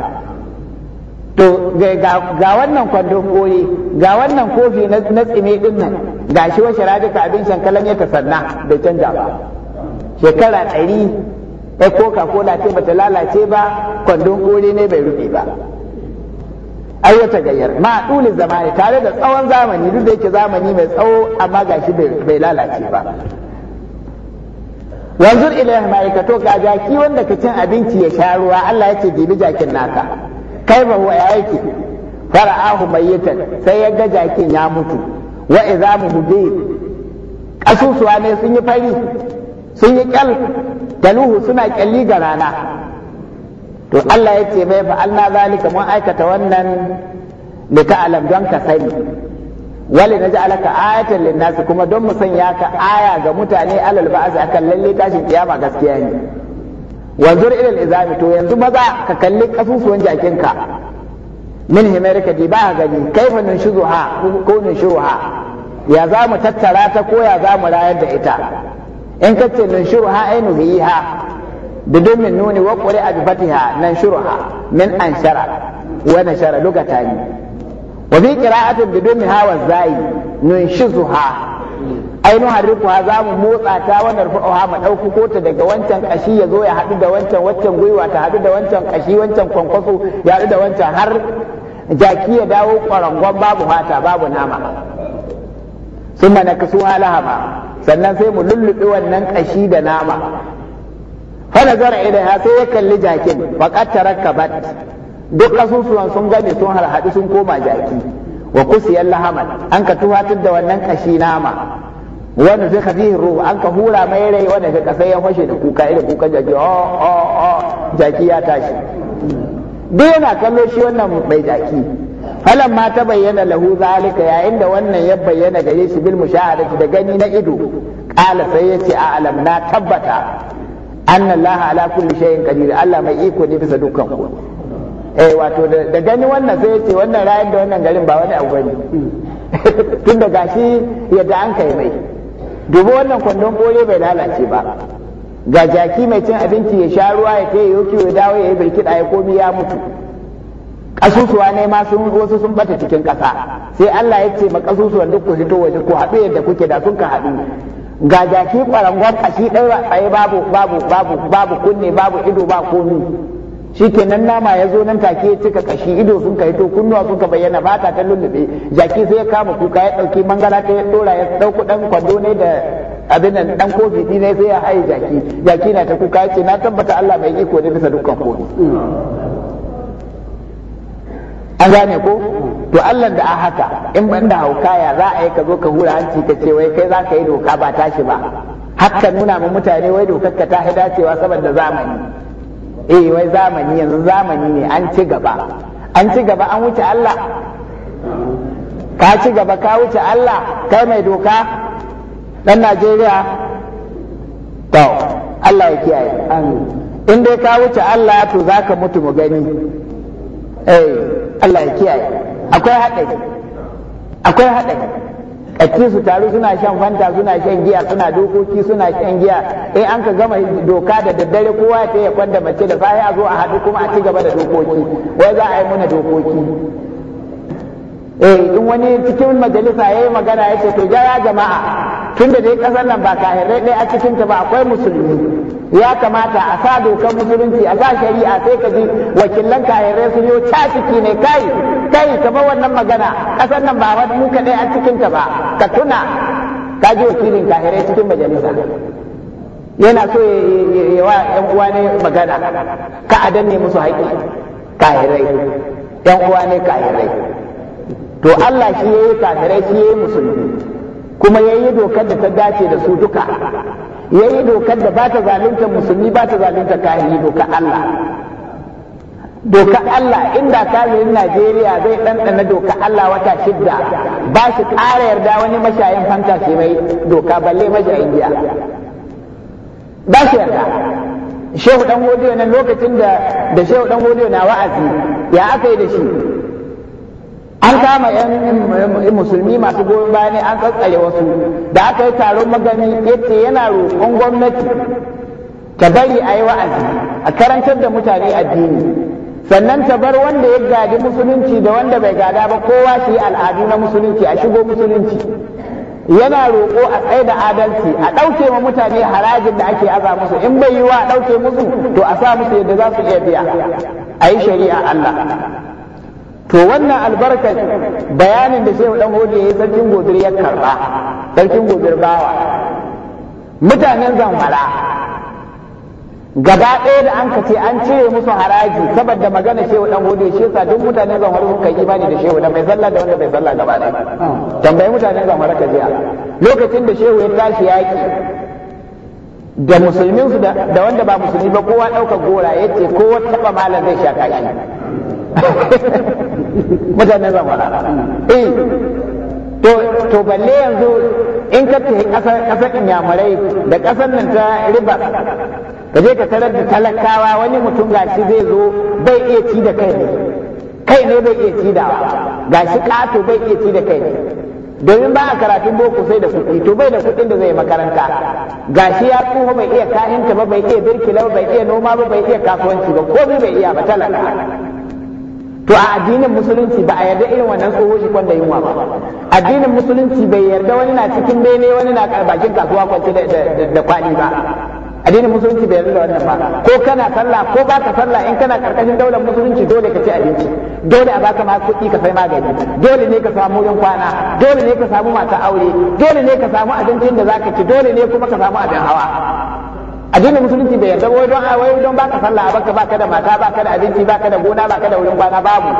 [SPEAKER 1] to ga wannan kwandon goyi ga wannan kofi na tsime din nan ga shi washe ka abin shankalan ya tasanna da canja ba shekara ɗari ai coca cola ce bata lalace ba kwandon goyi ne bai rufe ba ai wata gayyar ma dole zamani tare da tsawon zamani duk da yake zamani mai tsawo amma ga shi bai lalace ba wanzur ilayhi ma'aikato ga jaki wanda ka cin abinci ya sha ruwa Allah ya ce dibi jakin naka kaifa huwa ya aiki fara'ahu mayyitan sai ya ga jakin ya mutu wa idza muhdi kasusuwa ne sun yi fari sun yi kyal taluhu suna kyalli ga rana to Allah ya ce mai fa Allah zalika mun aikata wannan ka alam don ka sani wali na ja'alaka ayatan linnasi kuma don mu sanya ka aya ga mutane alal ba'az akan lalle tashin kiyama gaskiya ne wanzur ilal izami to yanzu maza ka kalli kasusuwan jakinka min himarika di ba gani kaifa ha, ko ha?' ya za mu tattara ta ko ya za mu rayar da ita in ka ce ha ai nuhiha da domin nuni wa qur'a bi fatiha ha, min anshara wa lugata lugatani wa bi qira'atin bidun ha wa zai ha'. ainu harrikuha za mu motsa ta wanda rufa'uha mu ɗauki ta daga wancan ƙashi ya zo ya haɗu da wancan waccan gwiwa ta haɗu da wancan ƙashi wancan kwankwaso ya haɗu da wancan har jaki ya dawo ƙwarangon babu mata babu nama sun mana kasu lahama sannan sai mu lullube wannan ƙashi da nama fana zara ya sai ya kalli jakin faqat kabat duk kasusuwan sun gane sun harhaɗu sun koma jaki wa kusiyar lahaman an ka tuhatar da wannan ƙashi nama wanda zai kafi ruhu an ka hura mai rai wanda ka kasa ya fashe da kuka irin kukan jaki o oh, o oh, o
[SPEAKER 2] oh, jaki ya tashi
[SPEAKER 1] duk yana kallo shi wannan mai jaki halan ma ta bayyana lahu zalika ya inda wannan ya bayyana gare shi bil mushahadati da gani na ido qala sai yace a alam na tabbata anna allah ala kulli shay'in qadir allah mai iko ne bisa dukkan ku eh wato da gani wannan sai yace wannan rayin da wannan garin ba wani abu bane (laughs) tun da gashi yadda an kai mai dubi wannan kwandon boye bai lalace ba ga jaki mai cin abinci ya sha ruwa ya kai yau ya dawo ya yi birkiɗa ya komi ya mutu kasusuwa ne ma sun wasu sun bata cikin ƙasa sai Allah ya ce ma kasusuwan duk ku fito waje ku haɗu yadda kuke da sun ka haɗu ga jaki ƙwarangon ƙashi ɗaya tsaye babu babu kunne babu ido ba komi shi shikenan nama ya zo nan take ya cika kashi ido sun kai to kunnuwa sun ka bayyana ba ta lullube jaki sai ya kama kuka ya dauki mangala ta ya dora ya dauko dan kwando ne da abin nan dan kofi din ne sai ya haye jaki jaki na ta kuka yace na tabbata Allah mai iko ne bisa dukkan komai an gane ko to Allah da a haka in ban da ya za a yi ka zo ka hura hanci ka ce wai kai za ka yi doka ba tashi ba hakan nuna ma mutane wai dokar ka ta dacewa saboda zamani eh wai zamani yanzu zamani ne an ci gaba an ci gaba an wuce Allah ka ci gaba ka wuce Allah kai mai doka dan Najeriya to Allah ya kiyaye in dai ka wuce Allah to zaka mutu mu gani eh Allah ya kiyaye akwai haɗari akwai haɗari ƙaci su taru suna shan fanta suna shan giya suna dokoki suna shan giya in an ka gama doka da daddare kowa ya ya kwanda mace da baya a zo a haɗu kuma a ci gaba da dokoki wai za a yi muna dokoki eh in wani cikin majalisa yayi magana ya ce to jaya jama'a tun da dai kasar nan ba kahirai ɗaya a cikin ta ba akwai musulmi ya kamata a sa dokar musulunci a sa shari'a sai ka ji wakilan kahirai sun yi ciki ne kai kai ka wannan magana kasar nan ba wani muka ɗaya a cikin ta ba ka tuna ka ji wakilin kahirai cikin majalisa yana so ya wa yan uwa ne magana ka adanne musu haƙƙi kahirai yan uwa ne kahirai to Allah shi yayi kahirai shi yayi musulmi kuma ya yi dokar da ta dace da su duka ya yi dokar da ba ta zalunta musulmi ba ta zalunta kahiri dokar Allah dokar Allah inda kahirin Najeriya zai ɗanɗana dokar Allah wata shidda ba shi ƙara yarda wani mashayin fanta shi mai doka balle mashayin giya ba shi yarda shehu ɗan godiyo na lokacin da da shehu ɗan godiyo na wa'azi ya aka yi da shi an kama yan musulmi masu goyon baya ne an tsatsare wasu da aka yi taron magani yace yana roƙon gwamnati ta bari a yi wa'azi a karantar da mutane addini sannan ta bar wanda ya gadi musulunci da wanda bai gada ba kowa su yi al'adu na musulunci a shigo musulunci yana roƙo a tsaye da adalci a ɗauke wa mutane harajin da ake aza musu in bai yi wa a ɗauke musu to a sa musu yadda za su iya biya a yi shari'a Allah to wannan albarka bayanin da shehu dan hodi ya sarkin gobir ya karba sarkin gobir bawa mutanen zamfara gaba ɗaya da an kace an cire musu haraji saboda magana shehu dan hodi shi yasa duk mutanen zamfara suka yi imani da shehu da mai sallah da wanda bai sallah gaba ɗaya tambayi mutanen zamfara ka jiya lokacin da shehu ya tashi yaki da musulmin su da wanda ba musulmi ba kowa ɗaukar gora yace kowa taɓa malam zai sha shi mutanen zamfara eh to to balle yanzu in ka tafi kasar kasar inyamurai da kasar nan ta riba ka je ka tarar da talakawa wani mutum gashi zai zo bai iya ci da kai ne kai ne bai iya ci da gashi kato bai iya ci da kai ne domin ba a karatun boko sai da kuɗi to bai da kuɗin da zai makaranta gashi ya tsoho bai iya kahinta ba bai iya birkila ba bai iya noma ba bai iya kasuwanci ba ko bai iya ba talaka to a addinin musulunci ba a yarda irin wannan tsohon shi kwanda yunwa ba addinin musulunci bai yarda wani na cikin bene wani na bakin kasuwa kwance da kwali ba addinin musulunci bai yarda wannan ba ko kana sallah ko ba ka sallah in kana karkashin daular musulunci dole ka ci abinci dole a baka ma kuɗi ka sai magani dole ne ka samu yan kwana dole ne ka samu mata aure dole ne ka samu abincin da zaka ci dole ne kuma ka samu abin hawa addinin musulunci bai yarda wai don ah, wai don baka sallah baka baka da mata baka da abinci baka da gona baka da wurin kwana babu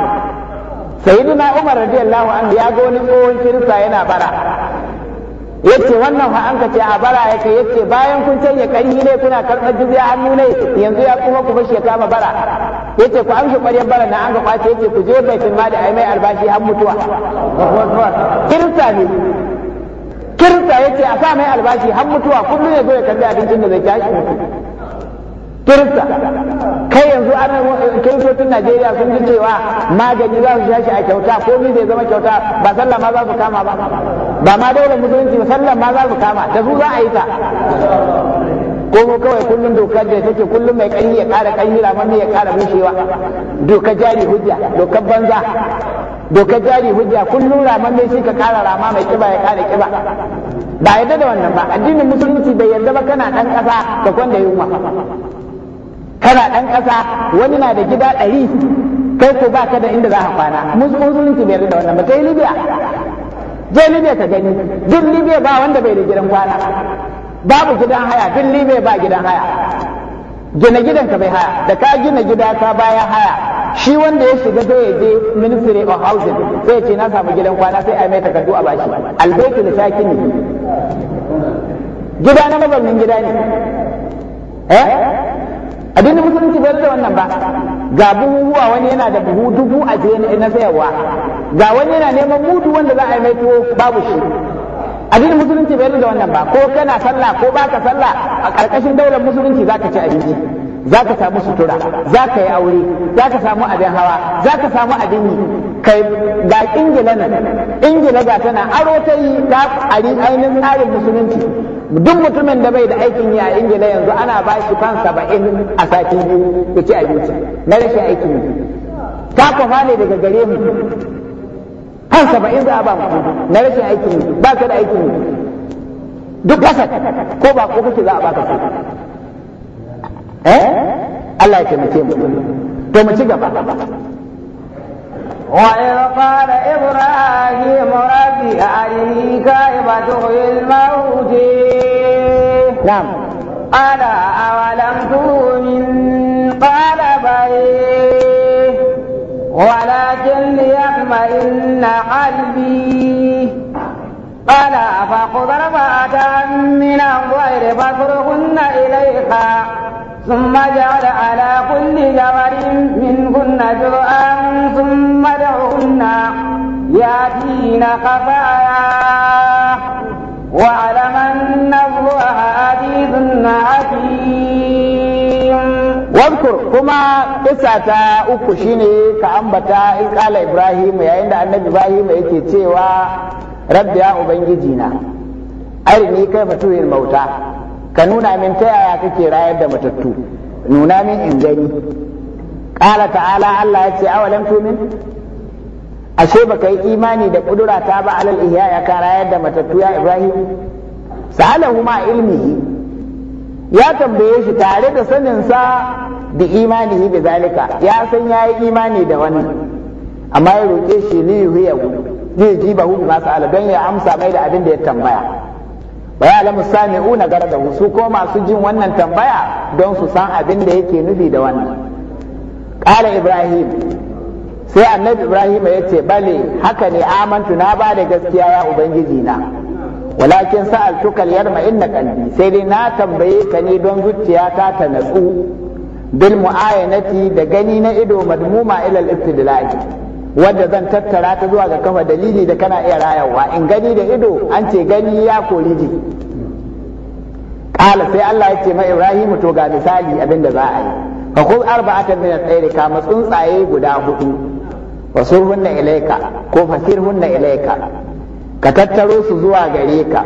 [SPEAKER 1] sayyidina umar radiyallahu anhu ya ga wani tsohon kirista yana bara yace wannan fa an kace a bara yake yace bayan kun canye karhi ne kuna karɓar jizya hannu ne yanzu ya kuma ku bashi ya ma bara yace ku amshi ƙwaryar bara na an ga kwace yace ku je baitul mali ai mai albashi har mutuwa kirista ne kirta yace a sa mai albashi har mutuwa kullum ya zo ya kalli abincin da zai kashi kirta kai yanzu ana eh, kiristocin najeriya sun ji cewa magani za su sha a kyauta ko mi zai zama kyauta ba sallah ma za su kama ba ba ma dole musulunci ba sallah ma za su kama da su za a yi ta ko kawai kullum doka da take kullum mai kanyi ya ƙara kanyi ramanni ya ƙara bushewa doka jari hujja doka banza doka jari hujja kullum ramanni shi ka ƙara rama mai kiba ya ƙara kiba ba yadda da wannan ba addinin musulunci bai yarda ba kana ɗan ƙasa ka kwanda yunwa kana ɗan ƙasa wani na da gida ɗari kai ko ba ka da inda za a kwana musulunci bai yarda da wannan ba sai libya je libya ka gani duk libya ba wanda bai da gidan kwana babu gidan haya dilli bai ba gidan haya gina gidan ka bai haya da ka gina gida ka baya haya shi wanda ya shiga zai je ministry of housing sai ce na samu gidan kwana sai ai mai takardu a bashi albaitu da sakin gida na mazaunin gida ne eh abinda musulunci bai da wannan ba ga buhuhuwa wani yana da buhu dubu a je na sayarwa ga wani yana neman mudu wanda za a yi mai tuwo babu shi addinin musulunci bai da wannan ba ko kana sallah ko baka sallah a karkashin daular musulunci za ka ci abinci za ka samu sutura za ka yi aure za ka samu abin hawa za ka samu abin yi kai ga ingila nan ingila ga tana aro ta yi ta ainihin tsarin musulunci duk mutumin da bai da aikin yi a ingila yanzu ana ba shi fan saba'in a sati biyu ya ci abinci na rashin aikin yi ta kwafa ne daga gare mu an ba in za a ba na rashin aikin yi ba ka da aikin yi duk kasar ko ba ko kake za a ba ka so eh Allah ya taimake mu to mu ci gaba
[SPEAKER 2] wa in qala ibrahim rabbi arika ibadu il mawti na'am ala awalam tu'min qala bai ولكن ليقع يطمئن قلبي قال فخذ ربعة من الضير فاصرهن إليك ثم جعل على كل جبل منهن جزءا ثم ادعهن يأتين خفايا واعلم أن الله عزيز حكيم Wankur kuma
[SPEAKER 1] kisa ta uku shine ka ambata in kala Ibrahim yayin da annabi Ibrahim yake cewa rabbi ya ubangiji na arini kai fatuhin mauta ka nuna min ta yaya kake rayar da matattu nuna min in gani kala ta'ala Allah ya ce to tumin ashe baka yi imani da kudura ta ba alal ihya ya ka rayar da matattu ya Ibrahim sa'alahu ma ilmihi ya tambaye shi tare da saninsa da imani da zalika ya san ya yi imani da wani. amma ya roƙe shi li yuhiyahu zai ji ba hu ma don ya amsa mai da abin da ya tambaya Ba ya lamu sami'una da su ko masu jin wannan tambaya don su san abin da yake nufi da wani. qala ibrahim sai annabi ibrahim ya ce bale haka ne amantu na ba da gaskiya ya ubangiji na walakin sa'altuka al-yarma inna qalbi sai dai na tambaye ka ne don zuciyata ta natsu bil mu'ayanati da gani na ido madmuma ila al-ibtidla'i wanda zan tattara ta zuwa ga kafa dalili da kana iya rayawa in gani da ido an ce gani ya kori ji qala sai Allah ya ce ma Ibrahim to ga misali abinda za a yi ka kul arba'atan min al ka matsuntsaye guda hudu wasurhunna Ilaika ko fasirhunna Ilaika. ka tattaro su zuwa gare ka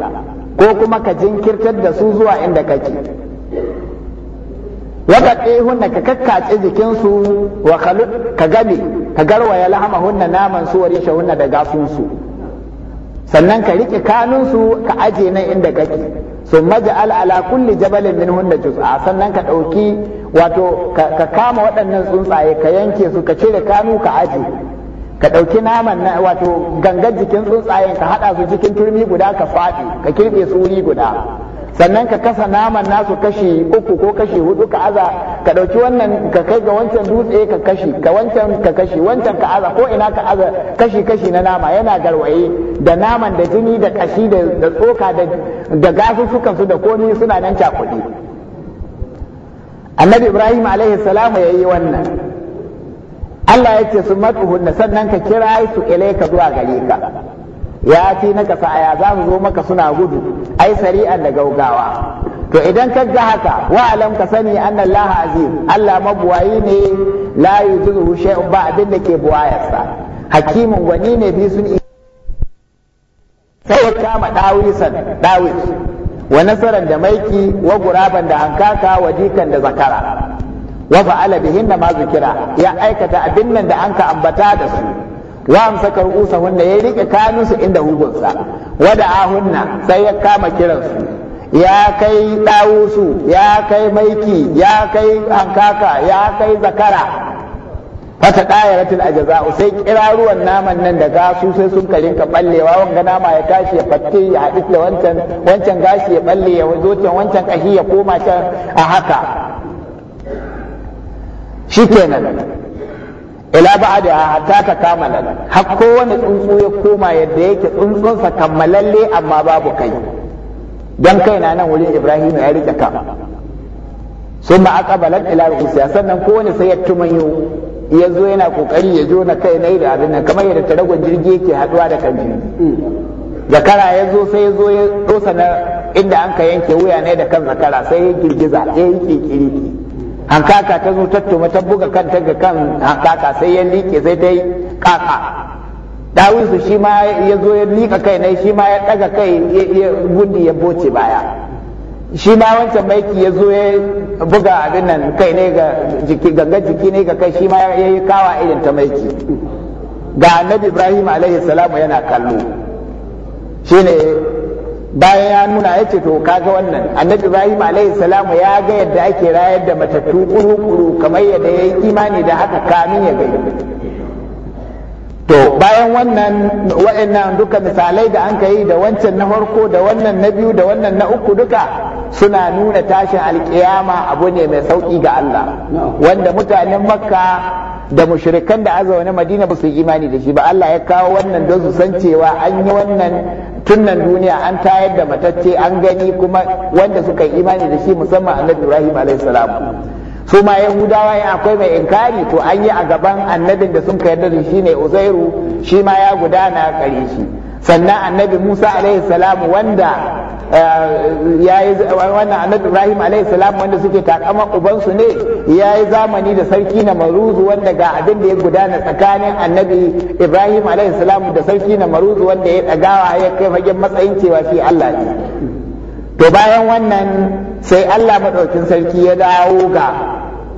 [SPEAKER 1] ko kuma ka jinkirtar da su zuwa inda kake wata hunna ka kakkace jikinsu wa ka gabe ka garwaya hunna naman su wari hunna da gasunsu sannan ka riƙe kanunsu ka aje nan inda kake sun maji al'ala kulli jabalin min hunna sannan ka ɗauki wato ka kama waɗannan tsuntsaye ka yanke su ka cire kanu ka aje ka ɗauki naman na wato gangan jikin tsuntsayen ka haɗa su cikin turmi guda ka faɗi ka kirɓe su wuri guda sannan ka kasa naman nasu kashi uku ko kashi hudu ka aza ka ɗauki wannan ka kai ga wancan dutse ka kashi ka wancan ka kashi wancan ka aza ko ina ka aza kashi kashi na nama yana garwaye da naman da jini da kashi da tsoka da gasussukan su da komi suna nan cakuɗi annabi ibrahim alaihi salam ya yi wannan Allah ya ce sun matsuhunna sannan ka kira su ka zuwa gare ka ya ce na kasa aya za mu zo maka suna gudu ai sari'an da gaugawa to idan ka ga haka wa alam ka sani anna Allah azim Allah mabuwayi ne la yuzuhu shay'un ba abin da ke buwayarsa hakimin gwani ne bi sun sai ya kama dawisan dawis wa nasaran da maiki wa guraban da hankaka wa jikan da zakara wa fa'ala bihinna ma ya aikata abin nan da an ka ambata da su wa amsaka hunna ya rike kanunsu inda hugunsa wada ahunna sai ya kama kiransu ya kai dawusu ya kai maiki ya kai hankaka ya kai zakara fata a ajaza'u sai kiraruwan naman nan da gasu sai sun karin ka ballewa wanga nama ya tashi ya fatte ya haɗu da wancan wancan gashi ya balle ya zo wancan kashi ya koma can a haka shikenan ila ba'da hatta ta kamala har kowane tsuntsu ya koma yadda yake tsuntsunsa kammalalle amma babu kai dan kai na nan wurin Ibrahim ya rike ka sun ma ila rusiya sannan kowane sai ya tumayo ya zo yana kokari ya zo na kai nayi da abin nan kamar yadda taragon jirgi yake haduwa da kan jirgi zakara ya zo sai ya zo ya dosa na inda an ka yanke wuya ne da kan zakara sai ya girgiza ya yi kikiri hankaka ta zo tattuma ta buga kanta ga kan hankaka sai ya liƙe sai ta yi kaka dawisu shi ma ya zo ya liƙa kai ne shi ma ya ɗaga kai ya gudu ya boce baya shi ma wancan maiki ya zo ya buga abin nan kai ne ga jiki gangan jiki ne ga kai shi ma ya yi kawa irin ta maiki ga annabi ibrahim alaihi salamu yana kallo shine bayan ya nuna ya ce to kaga wannan annabi ibrahim alaihi salamu ya ga yadda ake rayar da matattu kuru-kuru kamar yadda ya yi imani da haka kamin ya gani to bayan wannan wa'annan duka misalai da an yi da wancan na farko da wannan na biyu da wannan na uku duka suna nuna tashin alkiyama abu ne mai sauƙi ga Allah wanda mutanen
[SPEAKER 2] makka
[SPEAKER 1] da mushrikan da na madina ba su yi imani da shi ba Allah ya kawo wannan don su san cewa an yi wannan tunan duniya an tayar da matacce an gani kuma wanda suka yi imani da shi musamman annabi ibrahim alaihissalam su ma yahudawa ya akwai mai inkari to an yi a gaban annabin da sun yarda da shi ne uzairu shi ma ya gudana kare shi sannan annabi Musa alaihi salam wanda eh, yi wannan annabi Ibrahim alaihi salam wanda suke takama ubansu ne yayi zamani da sarki na maruzu wanda ga abin da ya gudana tsakanin annabi Ibrahim alaihi salam da sarki na maruzu wanda ya dagawa ya kai fagen matsayin cewa shi Allah ne to bayan wannan sai Allah madaukin sarki ya dawo ga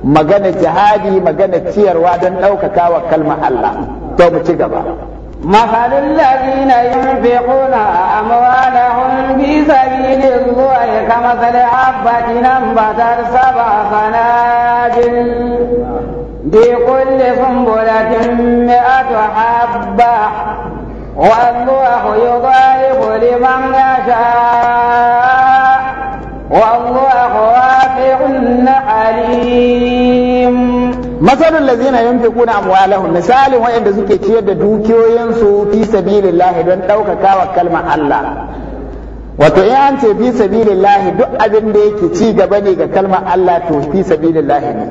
[SPEAKER 1] magana jihadi magana ciyarwa don ɗaukaka wa kalmar Allah to mu ci gaba
[SPEAKER 2] مثل الذين ينفقون أموالهم في سبيل الله كمثل حبة أنبتت سبع سنابل في كل سنبلة مئة حبة والله يضاعف لمن يشاء والله masalul
[SPEAKER 1] lazina yunfiquna amwalahum misalin waɗanda suke ciyar da dukiyoyinsu fi sabilillahi don ɗaukaka wa kalma Allah wato in an ce fi sabilillahi duk abin da yake ci gaba ne ga kalmar Allah to fi sabilillahi ne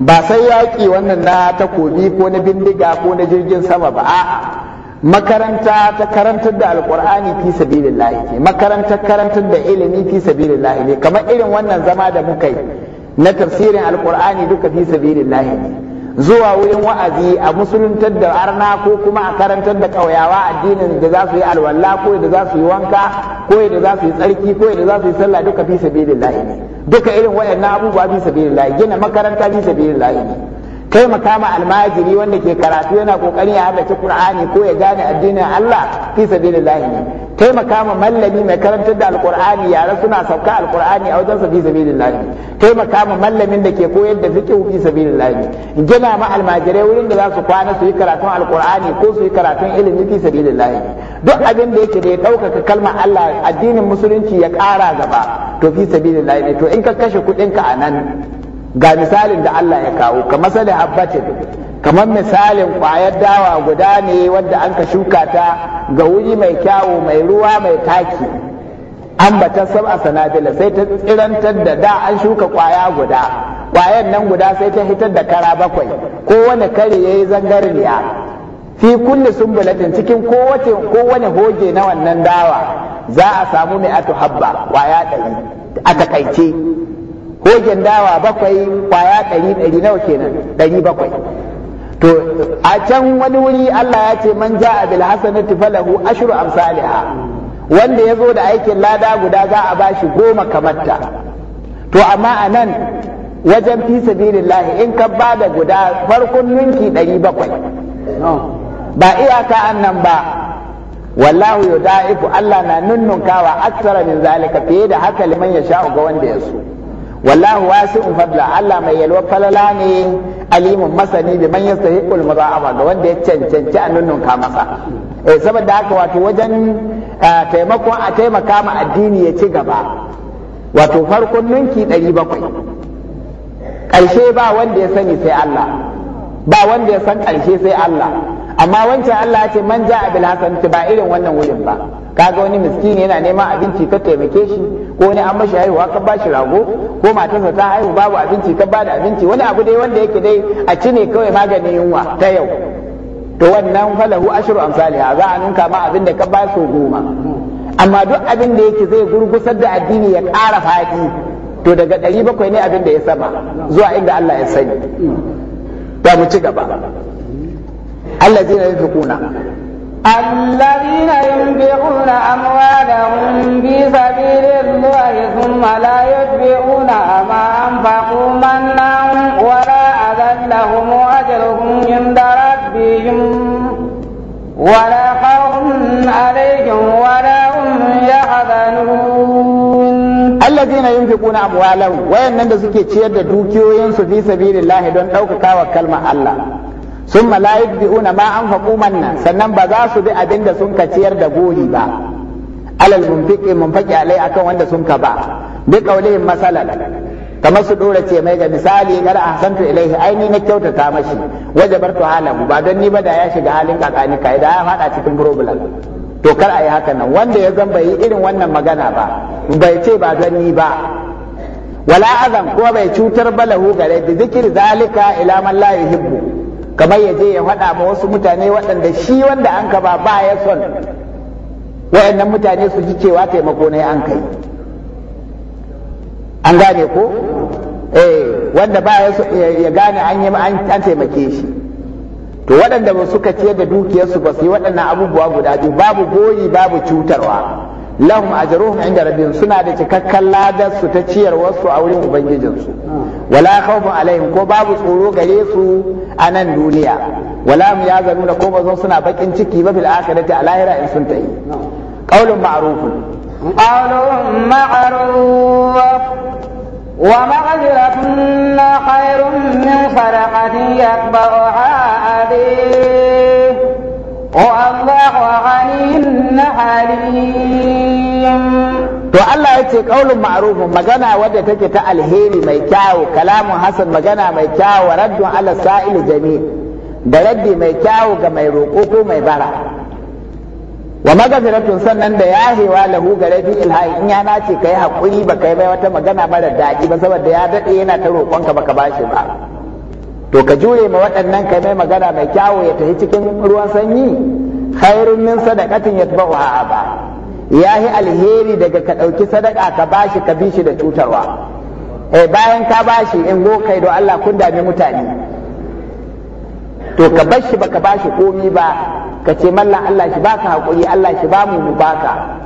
[SPEAKER 1] ba sai yaƙi wannan na takobi ko na bindiga ko na jirgin sama ba a makaranta ta karantar da alkur'ani fi sabilillahi ne makarantar karantar da ilimi fi sabilillahi ne kamar irin wannan zama da muka yi na tafsirin alkur'ani duka fi sabilillah ne zuwa wurin wa'azi a musuluntar da arna ko kuma a karantar da ƙauyawa addinin da za su yi alwala ko da za su yi wanka ko da za su yi tsarki ko da za su yi sallah duka fi sabilillah ne duka irin waɗannan abubuwa fi sabilillah gina makaranta fi sabilillah ne taimaka ma almajiri wanda ke karatu yana kokari ya halarci qur'ani ko ya gane addinin Allah fi sabilillah ne taimaka ma mallami mai karantar da alqur'ani yara suna sauka alqur'ani a wajen sa fi sabilillah taimaka ma mallamin da ke koyar da fiqh fi sabilillah gina ma almajirai wurin da za su kwana su yi karatun alqur'ani ko su yi karatun ilimi fi sabilillah duk abin da yake da ya ɗaukaka kalma Allah addinin musulunci ya ƙara gaba to fi sabilillah to in ka kashe kuɗinka a nan ga misalin da Allah ya kawo kamar sali habbatin kamar misalin ƙwayar dawa guda ne wadda an ka shuka ta ga wuri mai kyawu mai ruwa mai taki an bata sab a sanadila sai ta tsirantar da da an shuka ƙwaya guda ƙwayar nan guda sai ta hitar da kara bakwai kowane kare ya yi zangarniya fi kulli sumbulatin cikin kowace kowane hoge na wannan dawa za a samu mai atu habba ƙwaya ɗari a takaice Ko dawa bakwai kwaya ɗari ɗari nawa kenan ɗari bakwai to a can wani wuri Allah ya ce man a bil hasanati falahu ashru amsalha wanda ya zo da aikin lada guda za a bashi goma kamarta to amma a nan wajen fi sabilillahi in ka ba da guda farkon ninki ɗari bakwai ba iyaka annan ba wallahu yudaifu Allah na nunnunkawa aksara min zalika fiye da haka liman ya sha'u ga wanda ya so wallahu wasi'un fadla Allah mai yalwa falala ne alimun masani bi man yastahiqul mudha'afa ga wanda ya cancanci a nunnunka masa eh saboda haka wato wajen eh, taimakon a taimaka ma addini ya ci gaba wato farkon ninki 700 Karshe ba wanda ya sani sai Allah ba wanda ya san ƙarshe sai Allah amma wancan Allah ya ce man ja'a bil hasan ba irin wannan wurin ba kaga wani miskini yana neman abinci ka taimake shi ko wani an mashi haihuwa ka bashi rago ko matarsa ta haihu babu abinci ka bada abinci wani abu dai wanda yake dai a ci ne kawai maganin yunwa ta yau to wannan falahu ashru amsalha za a ninka ma abin da ka ba su goma amma duk abin da yake zai gurgusar da addini ya ƙara faɗi to daga ɗari bakwai ne abin da ya saba zuwa inda Allah ya sani Ba mu ci gaba الذين ينفقون
[SPEAKER 2] الذين ينفقون أموالهم في سبيل الله ثم لا يتبعون ما أنفقوا منا ولا أذن لهم أجرهم عند ربهم ولا خوف عليهم ولا هم يحزنون الذين
[SPEAKER 1] ينفقون أموالهم وين نندسك تشير دوكيو ينسو في سبيل الله دون أوكا وكلمة الله sun malayik bi'una ma an faƙu manna sannan ba za su bi abin da sun ka ciyar da gori ba alal munfiqi munfaqi alai akan wanda sun ka ba bi qaulihim masalan kamar su dora ce mai ga misali kar ahsantu ilaihi aini na kyautata mashi waje wajabartu halan ba don ni ba da ya shiga halin kakani kai da ya fada cikin problem to kar ayi haka nan wanda ya zan bai irin wannan magana ba bai ce ba don ni ba wala azan ko bai cutar balahu gare bi zikir zalika ila man la yuhibbu kamar ya je ya faɗa ma wasu mutane waɗanda shi wanda an ka ba ba ya son waɗannan mutane su ji cewa taimako ne an kai an gane ko eh wanda ba ya so ya gane an yi an taimake shi to waɗanda ba suka ce da dukiyarsu ba su yi waɗannan abubuwa guda biyu babu goyi babu cutarwa lahum ajruhum inda rabbihim suna da cikakken ladar su ta ciyarwar su a wurin ubangijin su wala khawfun alaihim ko babu tsoro gare su a nan duniya wala mu ya zanu ko bazan suna bakin ciki ba bil akhirati a lahira in sun tayi qaulun ma'rufun qaulun
[SPEAKER 2] ma'ruf wa ma'ziratun khairun min sadaqatin yaqba'uha adih والله غني حليم
[SPEAKER 1] to Allah ya ce kaulun ma'rufun magana wadda take ta alheri mai kyawu kalamun hasan magana mai kyawu wa raddun ala sa'il jami da raddi mai kyawu ga mai roƙo ko mai bara wa magafiratun sannan da yahewa lahu ga fi ilhai in ya nace kai hakuri ba kai bai wata magana mara daɗi ba saboda ya daɗe yana ta roƙonka baka bashi ba to ka jure ma waɗannan kai mai magana mai kyawu ya tafi cikin ruwan sanyi khairun min sadaqatin yatba'uha aba ya yi alheri daga ka ɗauki sadaka ka bashi ka bi shi da cutarwa eh bayan ka bashi in go kai do Allah kun dami mutane to ka bashi baka bashi komi ba ka ce mallan Allah shi baka hakuri Allah shi bamu mu baka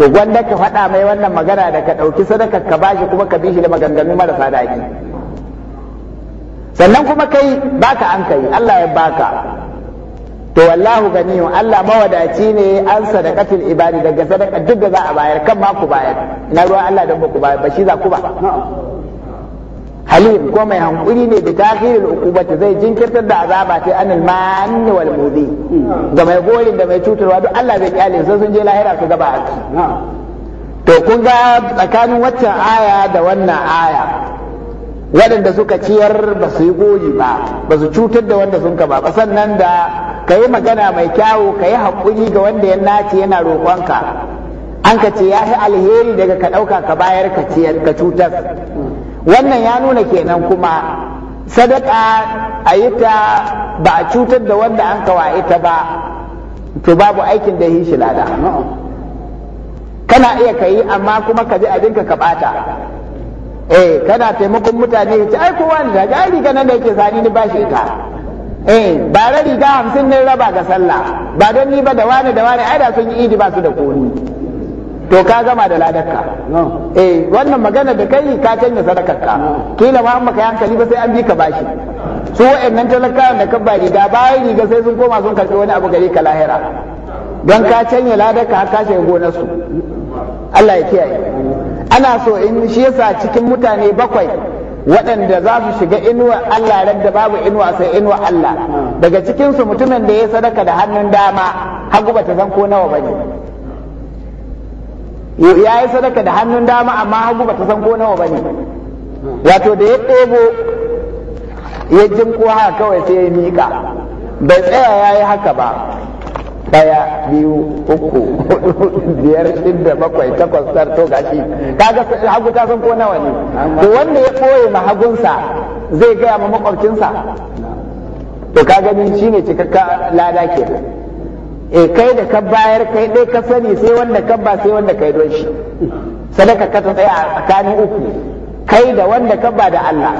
[SPEAKER 1] to gwanda ka faɗa mai wannan magana da ka ɗauki sadaka ka bashi kuma ka bi shi da maganganu marasa daɗi sannan kuma kai baka an kai Allah ya baka to wallahu ganiyun Allah mawadaci ne an sadaqatul ibadi daga sadaqa duk da za a bayar kan ma ku bayar na ruwa Allah dan ba ku bayar ba shi za ku ba halim ko mai hankuri ne da takhirul uqubati zai jinkirtar da azaba ta anil manni wal mudi ga mai gori da mai cutarwa duk Allah zai kyale sai sun je lahira su gaba to kun ga tsakanin waccan aya da wannan aya waɗanda suka ciyar ba su yi goyi ba ba su cutar da wanda sun ka ba sannan da ka yi magana mai kyawu ka yi haƙuri ga wanda ya nace yana roƙonka an ka ce ya yi alheri daga ka ɗauka ka bayar ka cutar wannan ya nuna kenan kuma sadaka a yi ta ba a cutar da wanda an kawa ita ba to babu aikin da yi shi lada kana iya ka yi amma kuma ka ji abinka ka ɓata eh kana taimakon mutane ya ce ai kowa ne riga nan da yake sani ni bashi ita eh ba ra riga hamsin ne raba ga sallah ba don ni ba da wani da wani ai da sun yi idi ba su da koni to ka gama da ladarka eh wannan magana da kai ka canza ka, kila ma amma kai hankali ba sai an bi ka bashi su wa'annan talakawan da ka ba riga bayan riga sai sun koma sun karɓi wani abu gari ka lahira don ka canza ladarka har ka shiga gonar su Allah ya kiyaye ana so in shi yasa cikin mutane bakwai waɗanda za su shiga inuwa Allah ran da babu inuwa sai inuwa Allah daga cikin su mutumin da ya sadaka da hannun dama hagu bata san ko nawa bane ya yi sadaka da hannun dama amma hagu bata san ko nawa bane wato da ya ɗebo ya jinko haka kawai sai ya miƙa bai tsaya ya yi haka ba daya biyu uku hudu (laughs) biyar shida bakwai takwas tar to gashi kaga hagu ta san ko nawa ne to wanda ya koye mahagunsa zai gaya ma makwabcinsa to ka gani shine cikakka lada ke e eh, kai da ka bayar kai dai ka sani sai wanda ka ba sai wanda kai don shi sadaka ka ta tsaya a tsakanin uku kai da wanda ka ba da Allah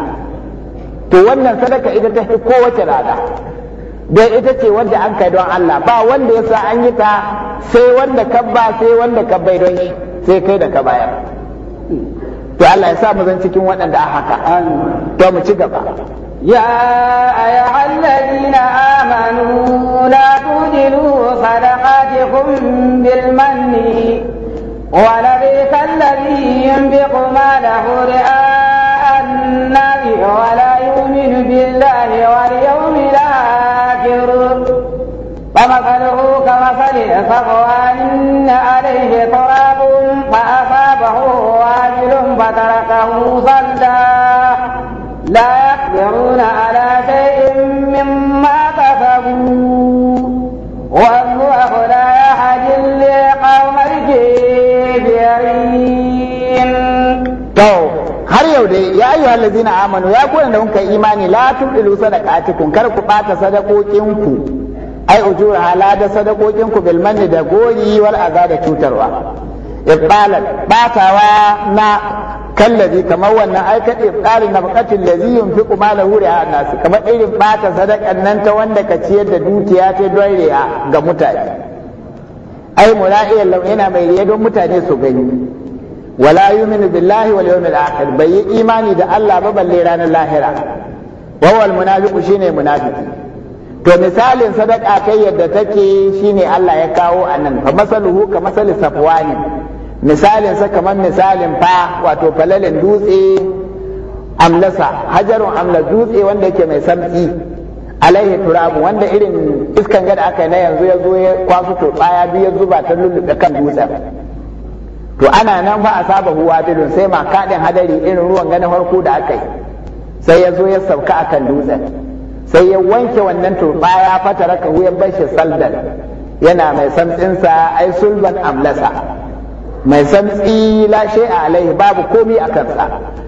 [SPEAKER 1] to wannan sadaka idan ta fi kowace rana dai ita ce wanda an kai don Allah ba wanda ya sa an yi ta sai wanda ka ba sai wanda ka bai don shi sai kai da ka bayar to Allah ya sa mu zan cikin waɗanda a haka to mu ci gaba ya ayyuha
[SPEAKER 2] alladhina amanu la tudilu sadaqatikum bil manni wa la alladhi yanbiqu ma lahu ri'a an-nabi wa la yu'minu billahi wal فمثله كمثل صفوان عليه تراب فأصابه واجل فتركه صلدا لا يقدرون على شيء مما كسبوا والله لا يهدي القوم الكافرين
[SPEAKER 1] har yau dai ya ayyuha allazina amanu ya kuwa da kun imani la tubdilu sadaqatikum kar ku bata sadaqokin ku ai ujura ala da sadakokin ku bil manni da gori wal aza da cutarwa ibtalan batawa na kallazi kamar wannan ai ka ibtalin na bukatin lazi yunfiqu wuri ri'a nas kamar irin bata sadakan nan ta wanda ka ciyar da dukiya ta don ri'a ga mutane ai mura'iyan law yana mai riya don mutane su gani wala yu'minu billahi wal yawmil akhir bai imani da Allah ba balle ranar lahira wa wal munafiqu shine munafiki to misalin sadaka kai yadda take shine Allah ya kawo anan fa masaluhu ka masali safwani misalin sa kamar misalin fa wato falalin dutse amlasa hajarun amla dutse wanda yake mai samtsi alaihi turabu wanda irin iskan gada aka na yanzu ya zo ya kwasu tsaya biyu ya zuba ta lulluɓe kan dutsen to ana nan fa saba huwa bilun sai ma kadin hadari irin ruwan ganin farko da aka yi sai ya zo ya sauka akan dutsen sai ya wanke wannan turbaya fataraka ya shi saldan yana mai santsinsa ai sulban amlasa mai santsi lashe a alaihi babu komi a kansa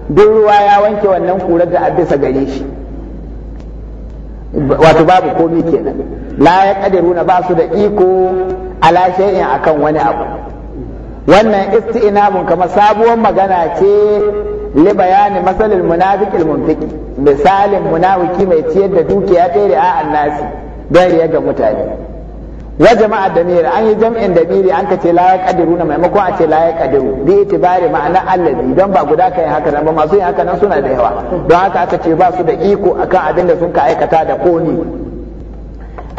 [SPEAKER 1] duk ruwa ya wanke wannan kurar da a gare shi wato babu komi kenan la ya kadiruna ba su da iko ala shay'in akan wani abu wannan isti'namun kamar sabuwar magana ce li bayani masalil munafiqil munfiqi misalin munafiki mai ciyar da dukiya ɗaya da a'an nasi gairiya ga mutane wa jama'a damir an yi jam'in damiri an kace la na maimakon a ce la yaqdiru bi itibari ma'ana allazi don ba guda kai haka nan ba masu yin haka nan suna da yawa don haka aka ce ba su da iko akan abin da sun ka aikata da koni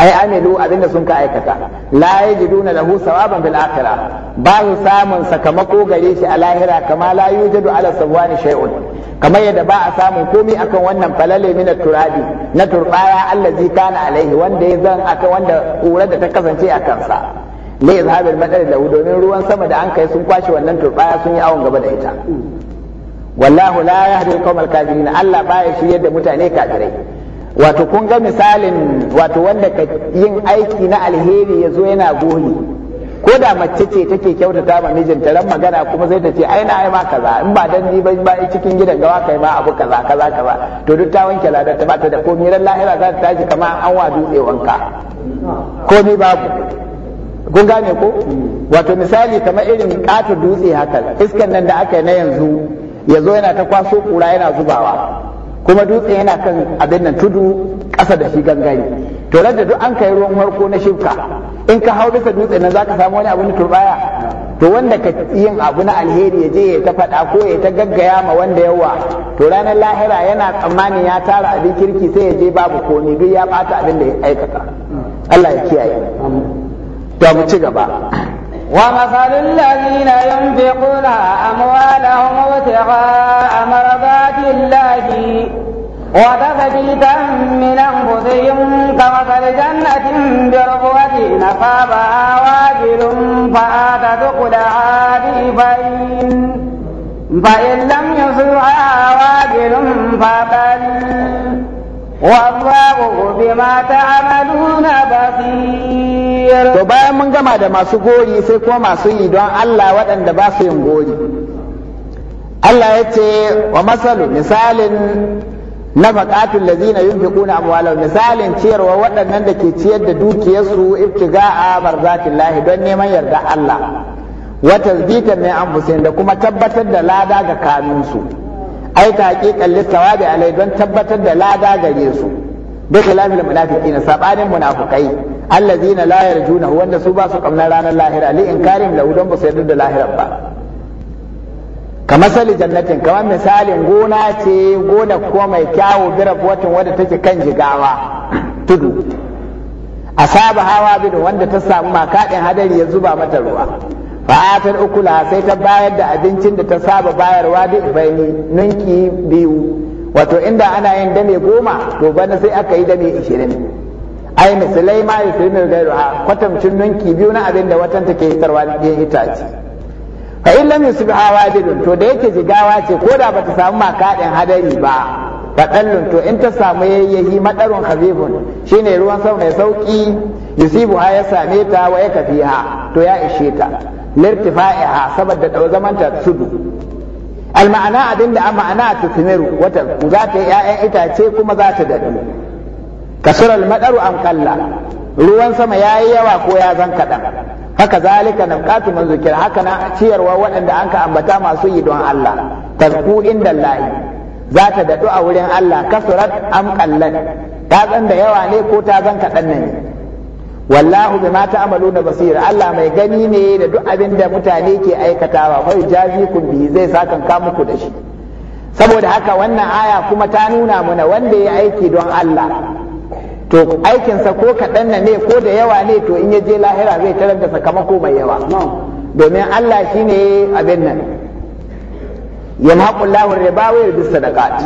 [SPEAKER 1] ai amilu abinda sun ka aikata la yajiduna lahu sawaban bil akhirah ba su samun sakamako gare shi a lahira kama la yujadu ala sawani shay'un kamar yadda ba a samun komi akan wannan falale min turabi na turbaya allazi kana alaihi wanda ya zan aka wanda ƙurar da ta kasance a kansa la yazhabil madar lahu domin ruwan sama da an kai sun kwashe wannan turbaya sun yi awon gaba da ita wallahu la yahdi al-qawmal kafirin Allah baya shi yadda mutane kafirai wato kun ga misalin wato wanda ka yin aiki na alheri ya zo yana goli ko da mace ce take kyautata ma mijinta ran magana kuma zai ta ce ai na ai ma kaza in ba dan ni ba ba cikin gidan gawa kai ma abu kaza kaza kaza to duk ta wanke ladar ta bata da komai ran lahira za ta tashi kamar an wa dutse wanka komai babu kun gane ko wato misali kamar irin katu dutse haka iskan nan da aka yi na yanzu yazo yana ta kwaso kura yana zubawa kuma dutse yana kan abin nan tudu ƙasa da shi gangare to da duk an kai ruwan warko na shifka in ka hau bisa dutse nan zaka samu wani abu na turbaya to wanda ka yin abu na alheri ya je ya ta faɗa ko ya ta gaggaya ma wanda yawa to ranar lahira yana tsammanin ya tara abin kirki sai ya je babu komai
[SPEAKER 2] duk ya ɓata abin da ya aikata Allah ya kiyaye to mu ci gaba ومثل الذين ينفقون أموالهم ابتغاء مرضات الله وتثبيتا من أنفسهم كمثل جنة بربوة نصابها واجل فآتت أكلها ضعفين فإن لم يصبها واجل فبل wallahu bima ta'maluna basir
[SPEAKER 1] to bayan mun gama da masu gori sai kuma masu yi don Allah waɗanda ba su yin gori Allah ya ce wa masalu misalin nafaqatul ladzina yunfiquna amwalahum misalin ciyarwa waɗannan da ke ciyar da dukiyarsu ibtiga'a barzatillahi don neman yarda Allah wa tasbita min anfusihim da kuma tabbatar da lada ga kanunsu ai ta haƙiƙan littawabi alai don tabbatar da lada gare su bi khilafil munafiqina sabanin munafiqai allazina la yarjuna wanda su ba su kamnar ranar lahira li inkarim lahu don ba su da lahira ba kamar sali jannatin kamar misalin gona ce gona ko mai kyawu bira watan wadda take kan jigawa tudu asaba hawa bidu wanda ta samu makaɗin hadari ya zuba mata ruwa fa'atar ukula sai ta bayar da abincin da ta saba bayarwa da ibaini ninki biyu wato inda ana yin dame goma to bana sai aka yi dame ishirin ai misalai ma yi firmin gairu a kwatamcin ninki biyu na abin da watan take hitarwa ɗin itace fa in lam yusbiha wajidun to da yake jigawa ce ko da bata samu makaɗin hadari ba faɗallun to in ta samu yayyahi madarun habibun shine ruwan sama mai sauki yusibu ha ya same ta wa ya kafiha to ya ishe ta lirtifa'iha saboda da zaman ta tudu al ma'ana abin da ma'ana tukmiru wata za ta ya'yan itace kuma za ta dadu Kasurar maɗaru madaru am kalla ruwan sama yayi yawa ko ya zan kadan haka zalika nafqatu man zikir haka na ciyarwa waɗanda anka ambata masu yi don Allah tazku inda lahi za ta dadu a wurin Allah kasurat am kallan ta zan da yawa ne ko ta zan kadan ne wallahu ma ta'maluna basir Allah mai gani ne da duk abin da mutane ke aikatawa fa kun bi zai saka ka muku da shi saboda haka wannan aya kuma ta nuna mana wanda ya aiki don Allah to aikinsa ko kaɗan na ne ko da yawa ne to in ya je lahira zai tarar da sakamako mai yawa domin Allah shine abin nan yamhaqullahu riba wa yurdis sadaqat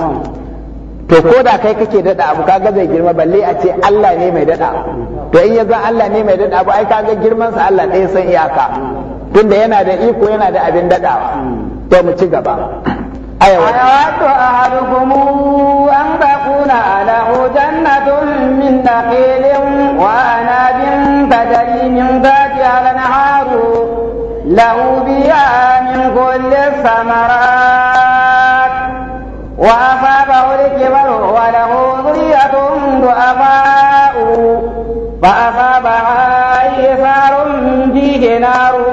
[SPEAKER 1] to ko da kai kake dada abu kaga zai girma balle a ce Allah ne mai dada to in yanzu Allah ne mai dada abu ai kaga girman sa Allah ɗaya san iyaka tunda yana da iko yana da abin dadawa to mu ci gaba
[SPEAKER 2] aya wa ayatu ahadukum an taquna ala jannatun min naqilin wa anabin tajri min ba'di al naharu lahu biha min kulli samarat وأصابه الكبر وله ذرية ضعفاء فأصابها إيثار فيه نار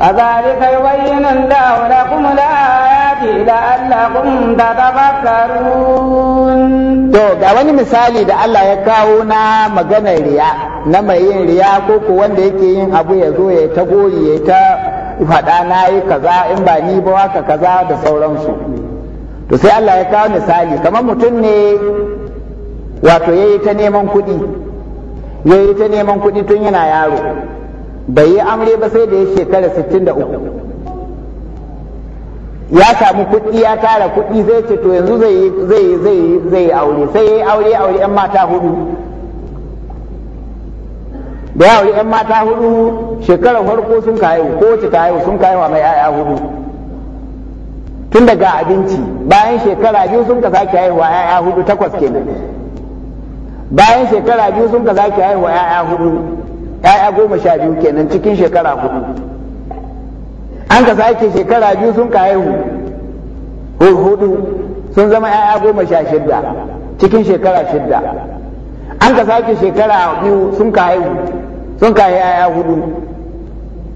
[SPEAKER 2] كذلك يبين الله لكم الآيات لعلكم تتفكرون
[SPEAKER 1] To ga wani misali da Allah ya kawo na maganar riya na mai yin riya ko ko wanda yake yin abu ya zo ya ta gori ya ta faɗa na yi kaza in ba ni ba waka kaza da sauransu to sai Allah ya kawo misali kamar mutum ne wato ya yi ta neman kuɗi ya yi ta neman kuɗi tun yana yaro bai yi amre ba sai da ya shekara 63 ya samu kuɗi ya tara kuɗi zai ce to yanzu zai yi aure sai ya yi aure aure 'yan mata hudu da yawo yan mata hudu shekarar farko sun kayo ko wace haihu sun kayo mai yaya hudu tun daga abinci bayan shekara biyu sun ka sake wa yaya hudu takwas kenan bayan shekara biyu sun ka sake wa yaya hudu yaya goma sha biyu kenan cikin shekara hudu an ka sake shekara biyu sun ka haihu hudu sun zama yaya goma sha shidda cikin shekara shidda an ka sake shekara biyu sun ka haihu sun ka yaya hudu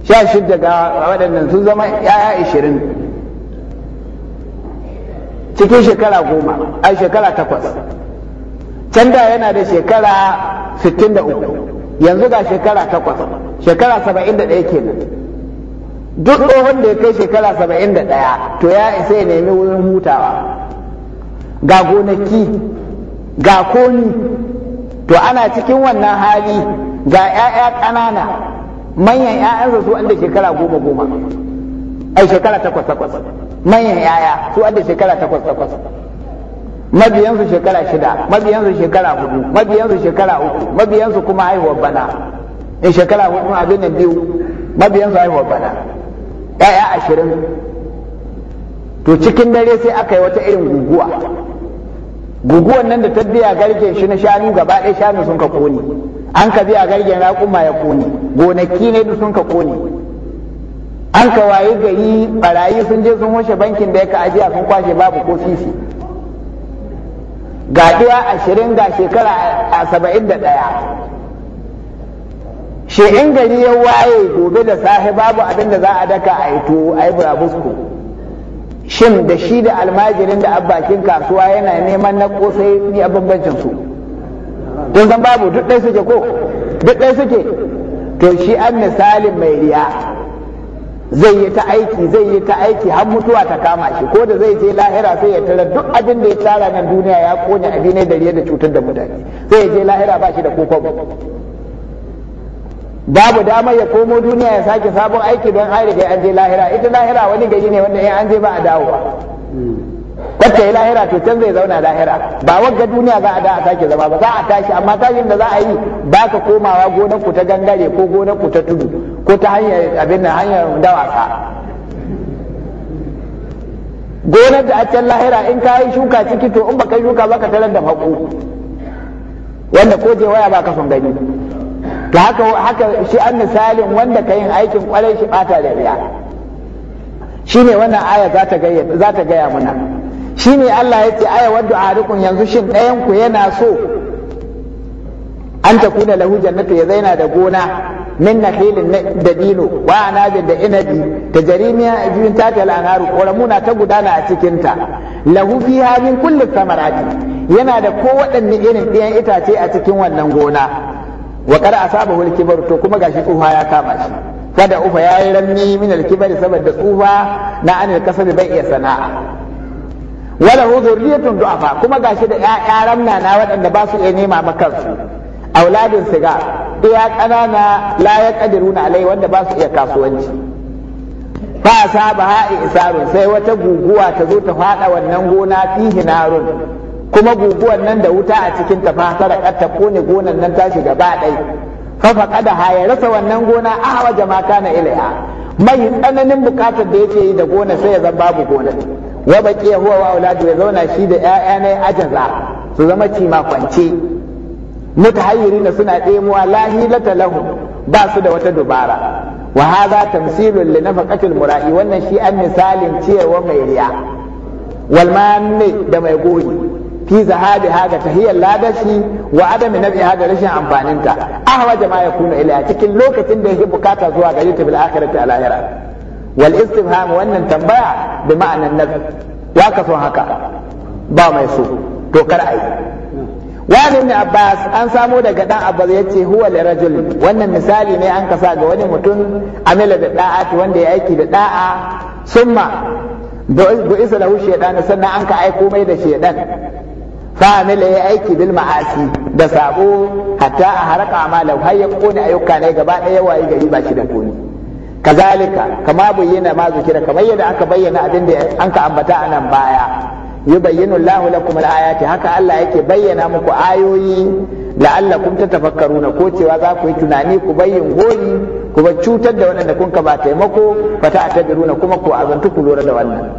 [SPEAKER 1] sha shidda ga waɗannan sun zama yaya ishirin cikin shekara goma a shekara takwas can da yana da shekara sittin da uku yanzu ga shekara takwas shekara saba'in da ɗaya kenan duk tsohon da ya kai shekara saba'in da ɗaya to ya isa ya nemi wurin hutawa ga gonaki ga koni to ana cikin wannan hali ga 'ya'ya ƙanana manyan 'ya'yansa su su wanda shekara goma goma ai shekara takwas takwas manyan 'ya'ya su wanda shekara takwas takwas mabiyansu shekara shida mabiyansu shekara hudu mabiyansu shekara uku mabiyansu kuma haihuwar bana in shekara hudu abin nan biyu mabiyansu haihuwar bana ya'ya ashirin to cikin dare sai aka yi wata irin guguwa guguwan nan da ta biya garken shi na shanu gaba ɗaya shanu sun ka kone an ka biya garken raƙuma ya kone gonaki ne duk sun ka kone an ka waye gari barayi sun je sun washe bankin da ya ka ajiya sun kwashe babu ko sisi ga ɗaya ashirin ga shekara a saba'in da ɗaya shi in gari ya waye gobe da safe babu abin da za a daka a yi tuwo a yi burabusko shin da shi da almajirin da abbakin kasuwa yana neman na kosai ni a bambancin su don zan babu duk ɗaya suke ko duk ɗaya suke to shi an misalin mai riya zai yi ta aiki zai yi ta aiki har mutuwa ta kama shi ko da zai je lahira sai ya tara duk abin da ya tara nan duniya ya kone abinai da riya da cutar da mutane sai ya je lahira ba shi da kokon babu damar ya komo duniya ya sake sabon aiki don an riga an je lahira ita lahira wani gari ne wanda in an je ba a dawo ba. kwata ya lahira to can zai zauna lahira ba wagga duniya za a da a sake zama ba za a tashi amma tashin da za a yi ba ka komawa gonar ku ta gangare ko gonar ku ta tudu ko ta hanyar abin nan hanyar dawaka gonar da a can lahira in ka yi shuka ciki to in baka yi shuka ba ka tarar da mako wanda ko je waya ba ka son gani ta haka haka shi an misalin wanda ka yin aikin kwarai shi bata da riya shine wannan aya za ta gaya muna. ta gaya Allah ya ce aya wadda arikun yanzu shin ɗayan ku yana so an takuna lahu jannatu ya zaina da gona min nakhilin da dino wa da inabi ta jarimiya biyun ta ta al'anaru ƙoramuna ta gudana a cikinta lahu fiha min kulli samarati yana da ko irin ɗayan itace a cikin wannan gona wa kada asaba wal kibar to kuma gashi tsufa ya kama shi kada ufa ya yi ranni min al-kibar saboda tsufa na al kasabi bai iya sana'a wala hu zurriyatun du'afa kuma gashi da 'ya'ya ramna na waɗanda ba su iya nema makansu auladin siga iya ƙanana la kadiruna alai wanda ba su iya kasuwanci fa asaba ha'i isarun sai wata guguwa ta zo ta fada wannan gona fihi narun kuma guguwan nan da wuta a cikin ta fa sarakat ta kone gonan nan ta shiga ba dai fa kada ha ya rasa wannan gona hawa jama'a na ilaiha mai tsananin bukatar da yake yi da gona sai ya zan babu gona wa ya huwa wa auladu ya zauna shi da ƴaƴa ne ajaza su zama cima kwance mutahayyirina suna ɗemuwa lahilata talahu ba su da wata dubara wa hadha tamsilun li nafaqatil mura'i wannan shi an misalin ciyarwa mai riya wal manne da mai goyi fi zahabi haga tahiyyar ladashi wa adami nabi haga rashin amfaninta ahwa jama'a ya kuna ila cikin lokacin da yake bukata zuwa gare ta bil akhirati al akhirah wal istifham wannan tambaya bi ma'anan nabi ya ka son haka ba mai so to kar ai wani ibn abbas an samo daga dan abbas yace huwa li wannan misali ne an kasa ga wani mutum amila da da'ati wanda ya aiki da da'a summa da isa lahu shaytan sannan an ka aiko mai da shaytan fa amila ya aiki bil ma'asi da sabo hatta a haraka amala har ya kone ayyuka ne gaba ɗaya waye gari ba shi da komi kazalika kama bayyana ma zikira kamar yadda aka bayyana abin da an ka ambata a nan baya yubayyinu Allahu lakum al-ayati haka Allah yake bayyana muku ayoyi la'allakum tatafakkaruna ko cewa za ku yi tunani ku bayyin gori, ku ba cutar da waɗanda kun ka ba taimako fa ta'tabiruna kuma ku azantu ku lura da wannan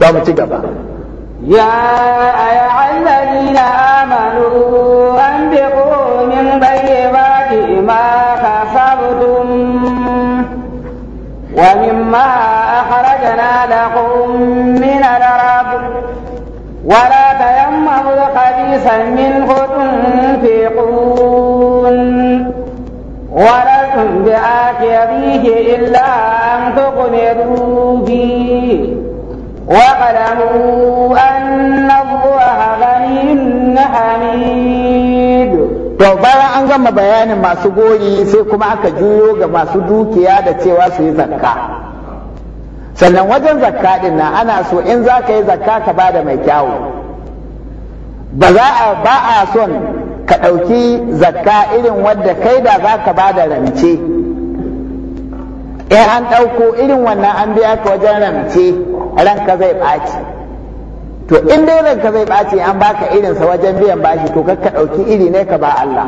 [SPEAKER 1] za mu ci gaba
[SPEAKER 2] يا أيها الذين آمنوا أنفقوا من طيبات ما كسبتم ومما أخرجنا لكم من الأرض ولا تيمموا خبيثا منه تنفقون
[SPEAKER 1] ولستم
[SPEAKER 2] بآخره إلا أن تقلبوا فيه واعلموا أن الله غني حميد
[SPEAKER 1] To bayan an gama bayanin masu gori sai kuma aka juyo ga masu dukiya da cewa su yi zakka. Sannan wajen zakka ɗin ana so in za ka yi zakka ka ba da mai kyawu. Ba za a ba a son ka ɗauki zakka irin wadda kai da za ka ba da rance. in an ɗauko irin wannan an biya ka wajen rance ranka zai ɓaci to in dai ranka zai ɓaci an baka irinsa wajen biyan bashi to kakka ɗauki iri ne ka ba Allah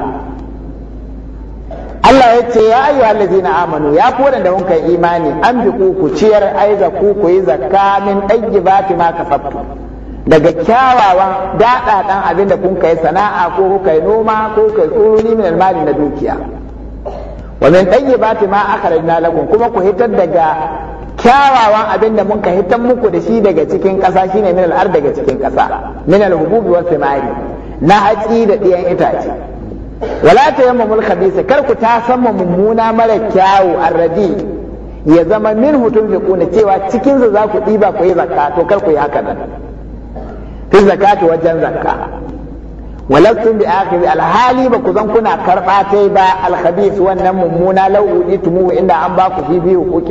[SPEAKER 1] Allah ya ce ya ayyuhal ladzina amanu ya ku da kun kai imani an bi ku ku ciyar aiza ku ku yi zakka min dayyibati ma daga kyawawan dada dan abinda kun kai sana'a ko kuka noma ko kai tsoro tsuruni min almali na dukiya wa min tayyibati ma akhrajna lakum kuma ku hitar daga kyawawan abin da muka hitar muku da shi daga cikin ƙasa shine min al daga cikin ƙasa min al-hububi wa thimari na hatsi da ɗiyan itace wala tayammumul khabisa kar ku ta ma mummuna mara kyawu arradi ya zama min hutun na cewa cikin za ku ɗiba ku yi zakka to kar ku yi haka nan fi zakatu wajen zakka aka bi alhali ba ku zan kuna karba tai ba alkhabith wannan mummuna law uditumu inda an ba ku bibi biyu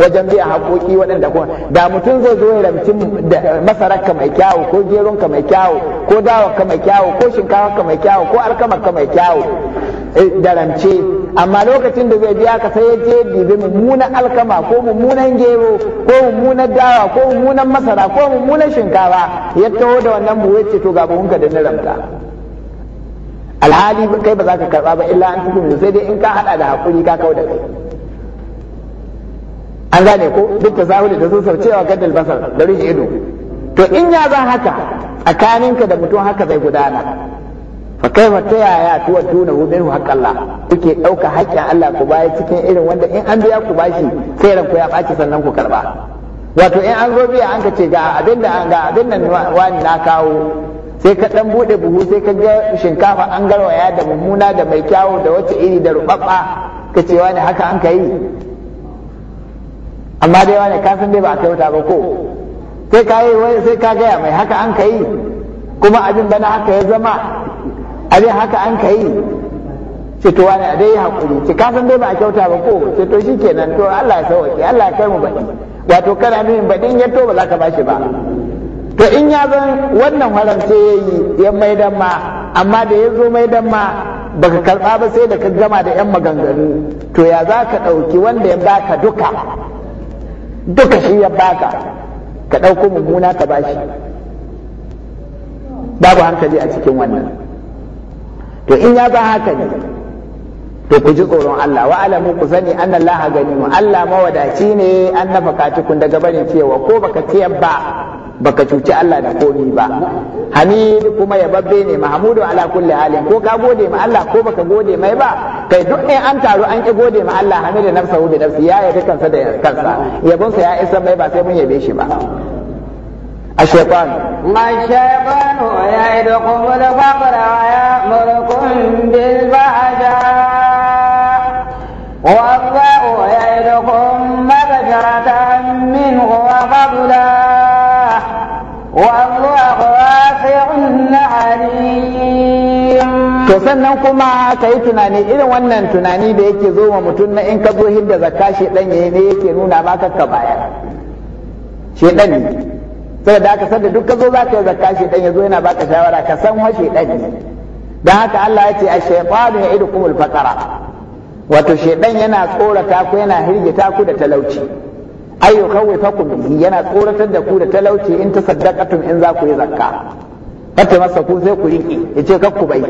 [SPEAKER 1] wajen biya hakoki waɗanda ku da mutum zai zo ya ramci masarar ka mai kyawu ko geron ka mai kyawu ko dawa ka mai kyawu ko shinkafa ka mai kyawu ko alkama ka mai kyawu eh, da ramce amma lokacin da zai biya ka sai ya je dibi mummunan alkama ko mummunan gero ko mummunan dawa ko mummunan masara ko mummunan shinkafa ya taho da wannan buwe ce to ga buhunka da na ramta alhali kai ba za ka karba ba illa an tukun sai dai in ka hada da hakuri ka kawo da kai an gane ko duk ta zahuri da sun cewa gaddal basar da ido to in ya za haka tsakaninka da mutum haka zai gudana fa kaifa ta yaya tuwa tuna hu minhu haqqallah kuke dauka haƙƙin Allah ku baya cikin irin wanda in an biya ku bashi sai ranku ya baci sannan ku karba wato in an zo biya an ka ce ga abin da ga abin wani na kawo sai ka dan bude buhu sai ka ga shinkafa an garwaya da mummuna da mai kyawu da wata iri da rubabba ka ce wani haka an kai amma dai wani ka san dai ba a kyauta ba ko sai ka yi wai sai ka gaya mai haka an kai kuma abin bana haka ya zama abin haka an kai ce to wani dai hakuri ce ka san dai ba a kyauta ba ko ce to shikenan to Allah ya sauke Allah ya kai mu ba. wato kana nuna baɗin ya to ba za ka bashi ba to in ya zan wannan haramce ya yi ya mai ma amma da ya zo mai ma baka karɓa ba sai da ka gama da yan maganganu to ya za ka ɗauki wanda ya baka duka duka shi ya baka ka ɗauko mummuna ka bashi babu hankali a cikin wannan to in ya za haka ne to ku ji tsoron Allah wa alamu ku sani anna Allah mu, Allah mawadaci ne an nafaka kun daga barin cewa ko baka ciyar ba baka cuci Allah da komi ba hamid kuma ya babbe ne mahmudu ala kulli halin ko ka gode ma Allah ko baka gode mai ba kai duk ne an taru an ki gode ma Allah hamid da nafsahu da nafsi ya yi kansa da kansa yabon sa ya isa mai ba sai mun yabe shi ba
[SPEAKER 2] الشيطان ما الشيطان يعدكم الفقر ويأمركم بالفحشاء والله يعدكم مغفرة منه وفضلا والله واسع عليم
[SPEAKER 1] to sannan kuma ka yi tunani irin wannan tunani da yake zo wa mutum na in ka zo hidda zakka shedan ya ne yake nuna ma kakka baya shedan ne sai da aka san da duk ka zo za ka yi zakka shedan ya zo yana baka shawara ka san wa shedan ne dan haka Allah ya ce a ash-shaytanu ya'idukumul faqara wato shaidan yana tsorata ku yana hirgita ku da talauci ai fa bihi yana tsoratar da ku da talauci in ta tasaddaqatum in za ku yi zakka fata masa ku sai ku rike yace kar ku bai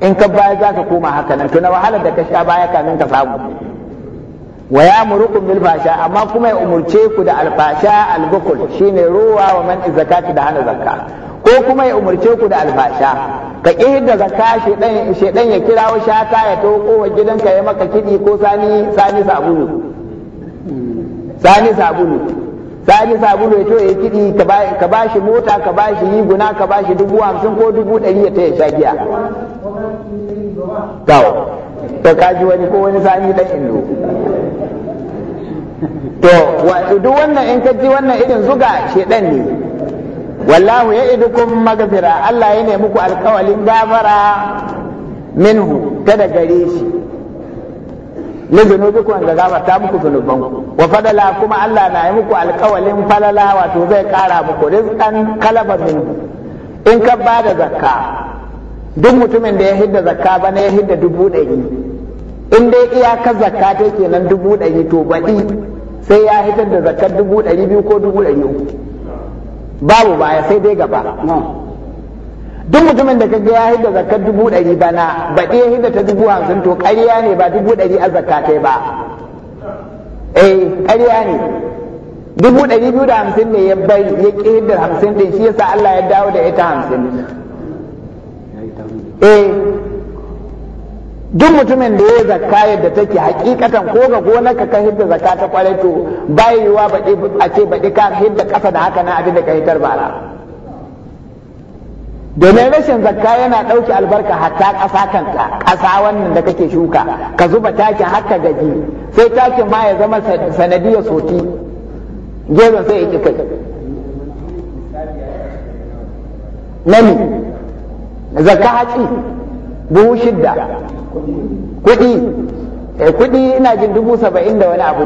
[SPEAKER 1] in ka baya za ka koma haka nan to na wahalar da ka sha baya kamin ka samu wa murukum bil fasha amma kuma ya umurce ku da alfasha albukul shine ruwa wa man zakati da hana zakka ko kuma ya umarce ku da albasha, ka da zakka shedan ya kira wa ya toko wa gidanka ya maka kiɗi ko sani sani sabulu sani sabulu sani sabulu ya to ya kiɗi ka ba shi mota ka ba shi riguna ka ba shi dubu hamsin ko dubu ɗari ya ta ya sha giya to kaji wani ko wani sani dan indo to duk wannan in ka ji wannan irin zuga shedan ne wallahu ya idukun magafira Allah ya nemi ku alkawalin gafara minhu ta da gare shi na kuma ga gafarta muku zunuban wa fadala kuma Allah na yi muku alkawalin falala wato zai kara muku rizkan kalaba minhu in ka ba da zakka duk mutumin da ya hidda zakka ba na ya hidda dubu ɗari in dai iyakar zakka ta kenan dubu ɗari to baɗi sai ya hidda da zakkar dubu ɗari biyu ko dubu ɗari uku babu baya sai dai gaba duk mutumin da kage ya hidda zakar dubu ɗari bana ba ya hidda ta dubu hamsin to ƙarya ne ba dubu ɗari a zakka ta ba eh ƙarya ne dubu ɗari biyu da hamsin ne ya bai ya ƙi hidda hamsin ɗin shi yasa Allah ya dawo da ita hamsin eh duk mutumin da ya zakka yadda take hakikatan ko ga gonarka ka hidda zakka ta kwarai to bai yiwa baɗi a ce baɗi ka hidda ƙasa da haka na abin da ka hitar bara domin rashin zakka yana ɗauke albarka hatta ƙasa kanta ƙasa wannan da kake shuka ka zuba takin haka gaji sai takin ma ya zama sanadiyar soti geron sai ya kai nani zakka haƙi buhu shidda kuɗi eh kudi ina jin dubu saba'in da wani abu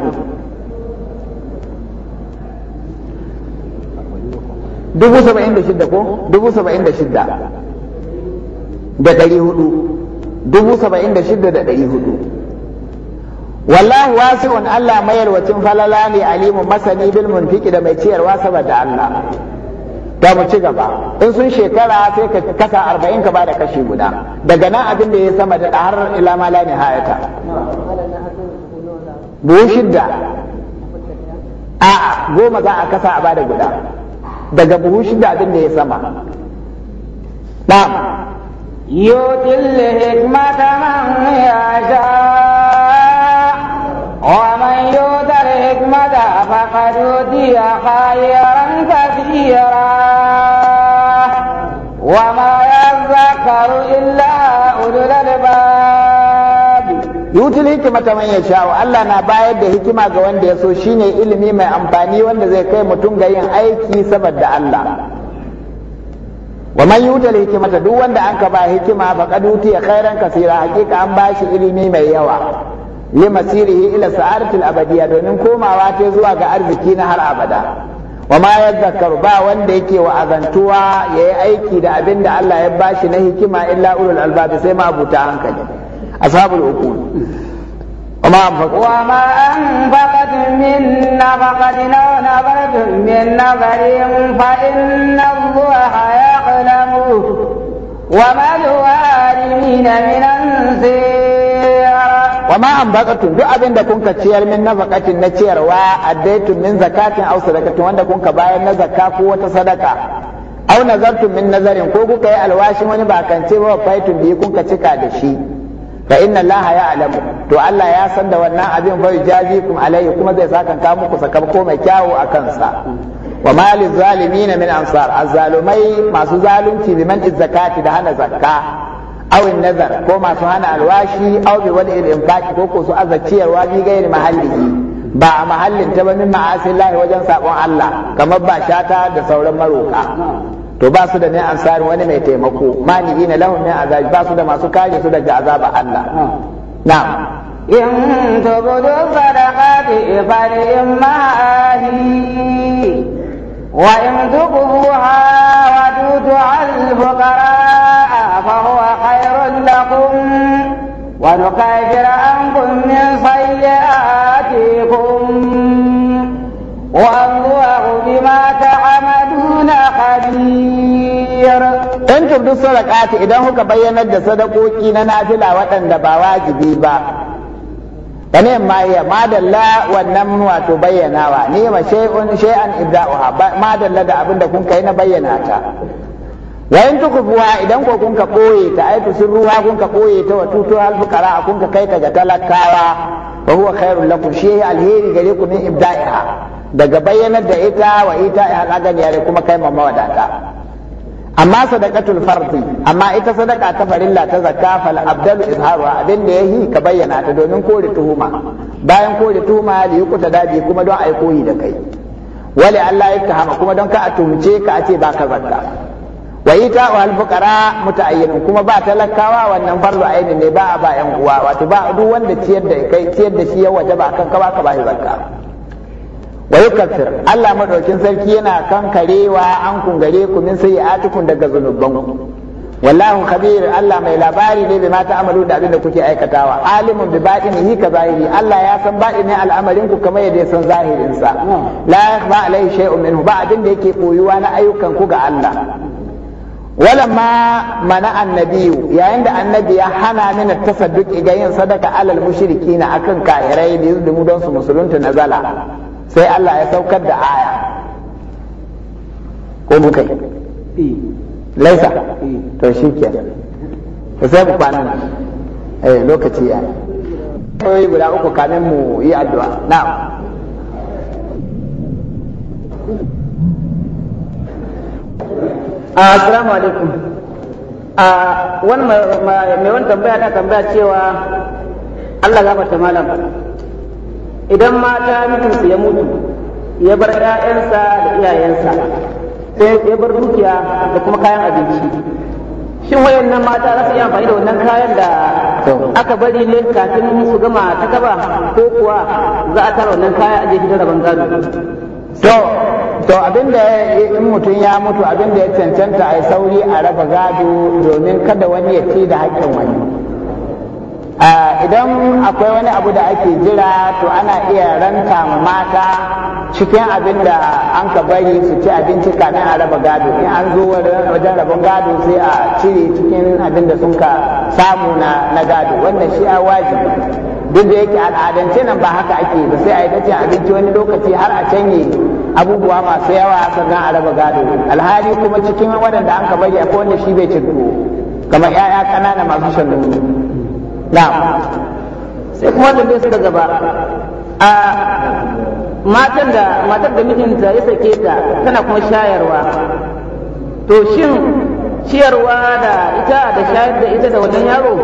[SPEAKER 1] dubu saba'in da shidda ko dubu saba'in da shidda da ɗari hudu dubu saba'in da shidda da ɗari hudu wallahi wasi'un Allah mayarwacin falala ne alimu masani bil munfiki da mai ciyarwa saboda Allah ta mu ci gaba in sun shekara sai ka kasa arba'in ka bada kashi guda daga nan abin da ya sama da har ila ma la nihayata buhu shidda a'a goma za a kasa a bada guda daga buhu shidda abin da ya sama da
[SPEAKER 2] na'am يؤتي الحكمة من يشاء ومن hikmata fa فقد أوتي khayran كثيرا وما يذكر إلا أولو
[SPEAKER 1] Allah na bayar da hikima ga wanda ya so shine ilimi mai amfani wanda zai kai mutum ga yin aiki saboda Allah wa man yutul hikimata duk wanda an ka ba hikima fa ya utiya khairan kaseera hakika an bashi ilimi mai yawa li masirihi ila sa'aratil abadiya domin komawa ta zuwa ga arziki na har abada wa ma ya ba wanda yake wa azantuwa ya yi aiki da abin da Allah ya bashi na hikima illa ulul albab sai ma abuta hankali ashabul uqul wa ma anfaqa wa ma
[SPEAKER 2] anfaqat na nafaqatin aw nafaratin min nafarin fa inna Allah yaqlamu wa ma min anzin
[SPEAKER 1] wa ma an bakatun duk abin da kun ka ciyar min nafaqatin na ciyarwa addaitu min zakatin aw sadaqatin wanda kun ka bayar na zakka ko wata sadaka aw nazartu min nazarin ko kuka yi alwashin wani bakance ba faitun bi kun ka cika da shi fa inna allaha ya'lamu to Allah ya san da wannan abin bai jazi kum alaihi kuma zai saka ka muku ko mai kyawu a kansa wa malil zalimin min ansar azzalumai masu zalunci biman zakati da hana zakka awin nazar ko masu hana alwashi aw bi wani irin baki ko ko su azaciyarwa bi gairi mahalli ba a mahallin ta ba min ma'asillahi wajen sabon Allah kamar ba shata da sauran maroka to ba su da ne ansarin wani mai taimako mani ina lahum min azabi ba su da masu kare su daga azaba Allah na'am in
[SPEAKER 2] sadaqati wa wa al لكم ونكفر عنكم من سيئاتكم والله بما تعملون خبير إن tubdu الصدقات إذا هو كبين
[SPEAKER 1] da sadakoki na nafila waɗanda ba wajibi ba ma ya madalla wannan wato bayyanawa ne ma shay'un shay'an idza'uha madalla da abin da kun kai na bayyana ta wayan tukufuwa idan ko kun ka koye ta aitu sun ruwa kun ka koye ta wa tutu alfukara kun ka kai ta ga talakawa wa huwa khairul lakum shi alheri gare ku min ibda'iha daga bayyanar da ita wa ita ya haɗa yare kuma kai ma mawadata amma sadaqatul fardi amma ita sadaqa ta farilla ta zakka fal abdalu izharu abin da yahi ka bayyana ta domin kore tuhuma bayan kore tuhuma li ta dadi kuma don ai koyi da kai wali Allah ya hama kuma don ka a tumce ka a ce baka zakka wa ita wa alfuqara muta'ayyinun kuma ba talakawa wannan farzu aini ne ba a ba yan uwa wato ba duk wanda ciyar da kai ciyar da shi ya waje ba kan ka ba shi zakka wa yukaffir Allah madaukin sarki yana kan karewa an gare ku min sayi'atikum daga zunuban wallahu khabir Allah mai labari ne bima ta'amalu da abin da kuke aikatawa alimun bi batinihi ka zahiri Allah ya san batinin al'amarin ku kamar yadda ya san zahirin sa la yakhfa alaihi shay'un minhu ba abin da yake koyuwa na ayyukan ku ga Allah ma mana annabiyu yayin da annabi ya hana mana tasadduq ga yin sadaka alal mushrikina akan kafirai da yuzdumu don su musulunta nazala sai Allah ya saukar da aya ko muka kai? E. laisa e. to shi ke sai ku kwana eh lokaci ya yi guda uku kanin mu yi addu'a na'am
[SPEAKER 2] Ah, assalamu alaikum a ah, wani mai wani tambaya ta tambaya cewa Allah gafarta malam idan mata mijinsu ya mutu ya bar 'ya'yansa da iyayensa
[SPEAKER 1] sai ya bar dukiya da kuma kayan abinci shin wayannan mata za su
[SPEAKER 2] yi amfani da wannan kayan da aka bari ne kafin su gama ta kaba ko kuwa za a tara wannan kaya a je gidan rabon gado to to abinda
[SPEAKER 1] in mutum ya mutu abinda ya cancanta a sauri a raba gado domin kada wani ya ci da haƙƙin wani idan akwai wani abu da ake jira to ana iya ranta mata cikin abin da an ka bari su ci abinci kamin a raba gado in an zo wajen rabon gado sai a cire cikin abin da sun ka samu na gado wannan shi a wajibi duk da yake al'adance nan ba haka ake ba sai a yi abinci wani lokaci har a canye abubuwa masu yawa sannan a raba gado alhali kuma cikin waɗanda an ka bari a shi bai cirko kamar 'ya'ya ƙanana masu shan nono na sai kuma suka gaba a matan da matar da mijinta ya sake ta tana kuma shayarwa to shin ciyarwa da ita da shayar da ita da wannan yaro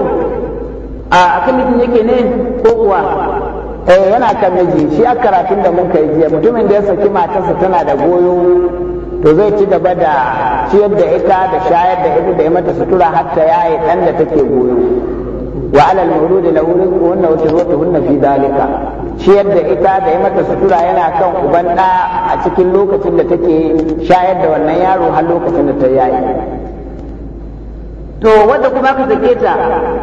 [SPEAKER 1] a kan mijin yake ne ko kuwa? eh yana kan miji shi a karatun da muka yi jiya mutumin da ya saki matarsa tana da goyo to zai ci gaba da ciyar da ita da shayar da ita da yi mata sutura har ta yaye dan da take goyo wa alal mawlud lahu rizquhunna wa kiswatuhunna fi dalika ciyar da ita da yi mata sutura yana kan uban da a cikin lokacin da take shayar da wannan yaro har lokacin da ta yaye to wanda kuma aka sake ta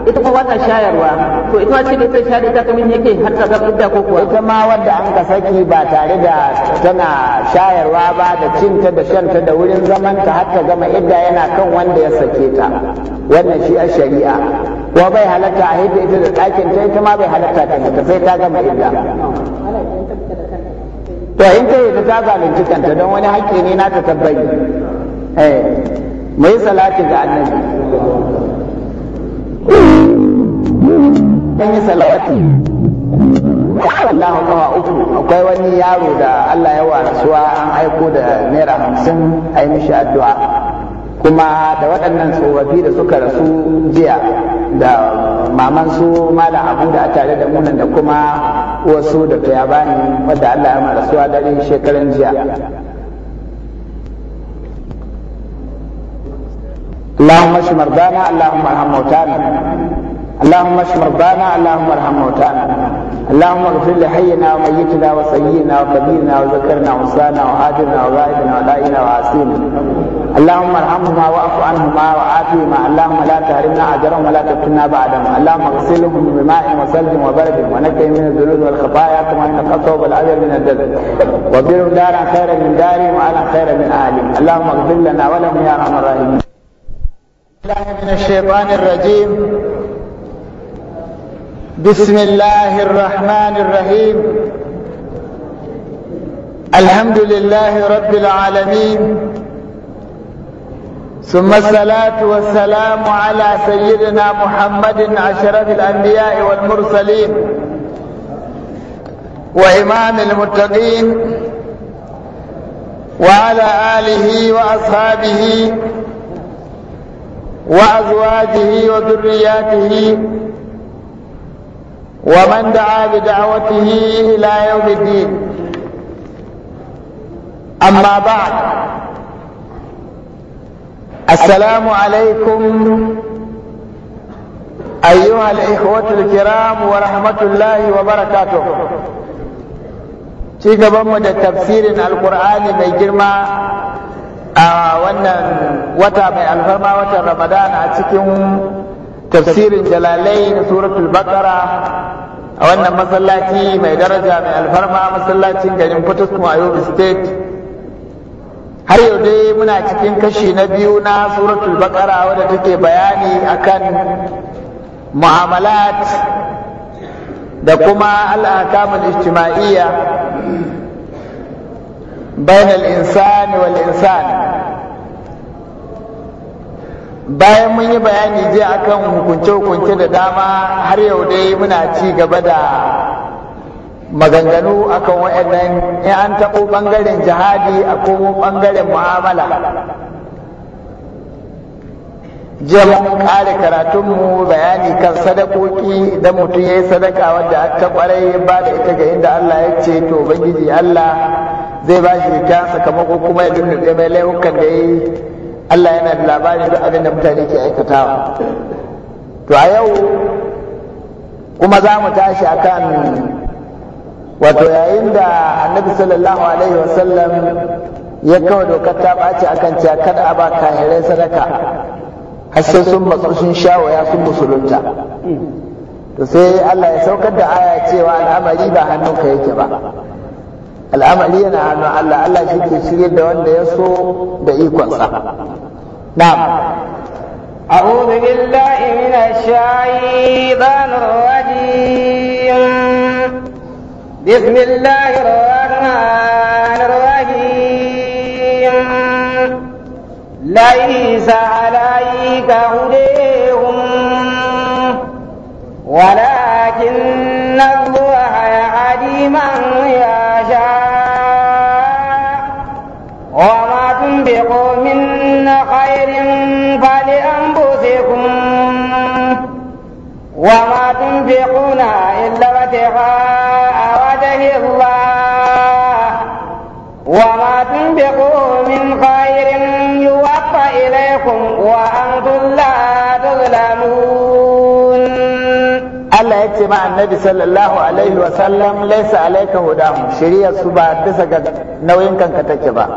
[SPEAKER 1] ita kuma wata shayarwa to ita ce da ta shayar ta kamin yake har ta zama idda ko kuwa ita ma wanda an ka saki ba tare da tana shayarwa ba da cinta da shanta da wurin zaman ta har ta gama idda yana kan wanda ya sake ta wannan shi a shari'a Kuma bai halatta a hidda ita da ɗakin ta ita ma bai halatta ta ta sai ta gama idda to in ta yi ta zalunci kanta don wani haƙƙi ne na ta tabbai eh mu yi salati ga annabi ɗan yi salawati uku akwai wani yaro da Allah ya warasuwa an aiko da naira hamsin a yi mishi addu'a kuma da waɗannan tsofaffi da suka rasu jiya da maman su malam abu da tare da munan da kuma wasu da ta bani wadda Allah ya rasuwa dare shekaran jiya اللهم اشف مرضانا اللهم ارحم موتانا اللهم اشف مرضانا اللهم ارحم موتانا اللهم اغفر لحينا وميتنا وسيدنا وكبيرنا وذكرنا وانسانا وهاجرنا وغائبنا ودائنا وعاسينا اللهم ارحمهما واعف عنهما وعافهما اللهم لا تهرمنا اجرهم ولا تفتنا بعدهم اللهم اغسلهم بماء وثلج وبرد ونكهم من الذنوب والخطايا كما انك الثوب الابيض من الدلد وابدلهم دارا خيرا من دارهم واهلا خيرا من اهلهم اللهم اغفر لنا ولهم يا ارحم الراحمين الله من الشيطان الرجيم بسم الله الرحمن الرحيم الحمد لله رب العالمين ثم الصلاة والسلام على سيدنا محمد أشرف الأنبياء والمرسلين وإمام المتقين وعلى آله وأصحابه وأزواجه وذرياته ومن دعا بدعوته إلى يوم الدين أما بعد السلام عليكم أيها الإخوة الكرام ورحمة الله وبركاته ci gabanmu التفسير القرآن alkur'ani a wannan wata mai alfarma watan ramadan a cikin tafsirin jalalai na suratul bakara a wannan masallaci mai daraja mai alfarma masallacin garin Potoskum a State har yau dai muna cikin kashi na biyu na suratul bakara wadda take bayani akan mu'amalat da kuma al'akamul ijtima'iyya بين الإنسان والإنسان bayan mun yi bayani je akan hukunce-hukunce da dama har yau dai muna ci gaba da maganganu akan waɗannan in an taɓo ɓangaren jihadi a komo ɓangaren mu'amala jiya mun ƙare karatunmu bayani kan sadakoki idan mutum ya yi sadaka wadda ta ƙwarai ba da ita ga inda Allah ya ce to bangiji Allah zai ba shi ta sakamako kuma ya dindin mai laifukan da ya yi Allah yana da labarin duk abin da mutane ke aikatawa to a yau kuma za mu tashi akan wato yayin da annabi sallallahu alaihi wasallam ya kawo dokar ta ɓaci akan cewa kada a ba kahirai sadaka har sai sun matsu sun shawaya sun musulunta to sai Allah ya saukar da aya cewa al'amari ba hannunka yake ba al'amari yana hannun Allah Allah shi ke shirye da wanda ya so da ikonsa
[SPEAKER 2] na'am أعوذ بالله من الشيطان الرجيم بسم الله الرحمن الرحيم ليس عليك هديهم ولكن الله يهدي من يشاء وما تنفقون إلا ابتغاء وجه الله وما تنفقوا من خير يوفى إليكم وأنتم لا تظلمون
[SPEAKER 1] Allah ya ce ma annabi sallallahu alaihi wa sallam laisa alaika hudahum shirya su ba dasa ga nauyin kanka take ba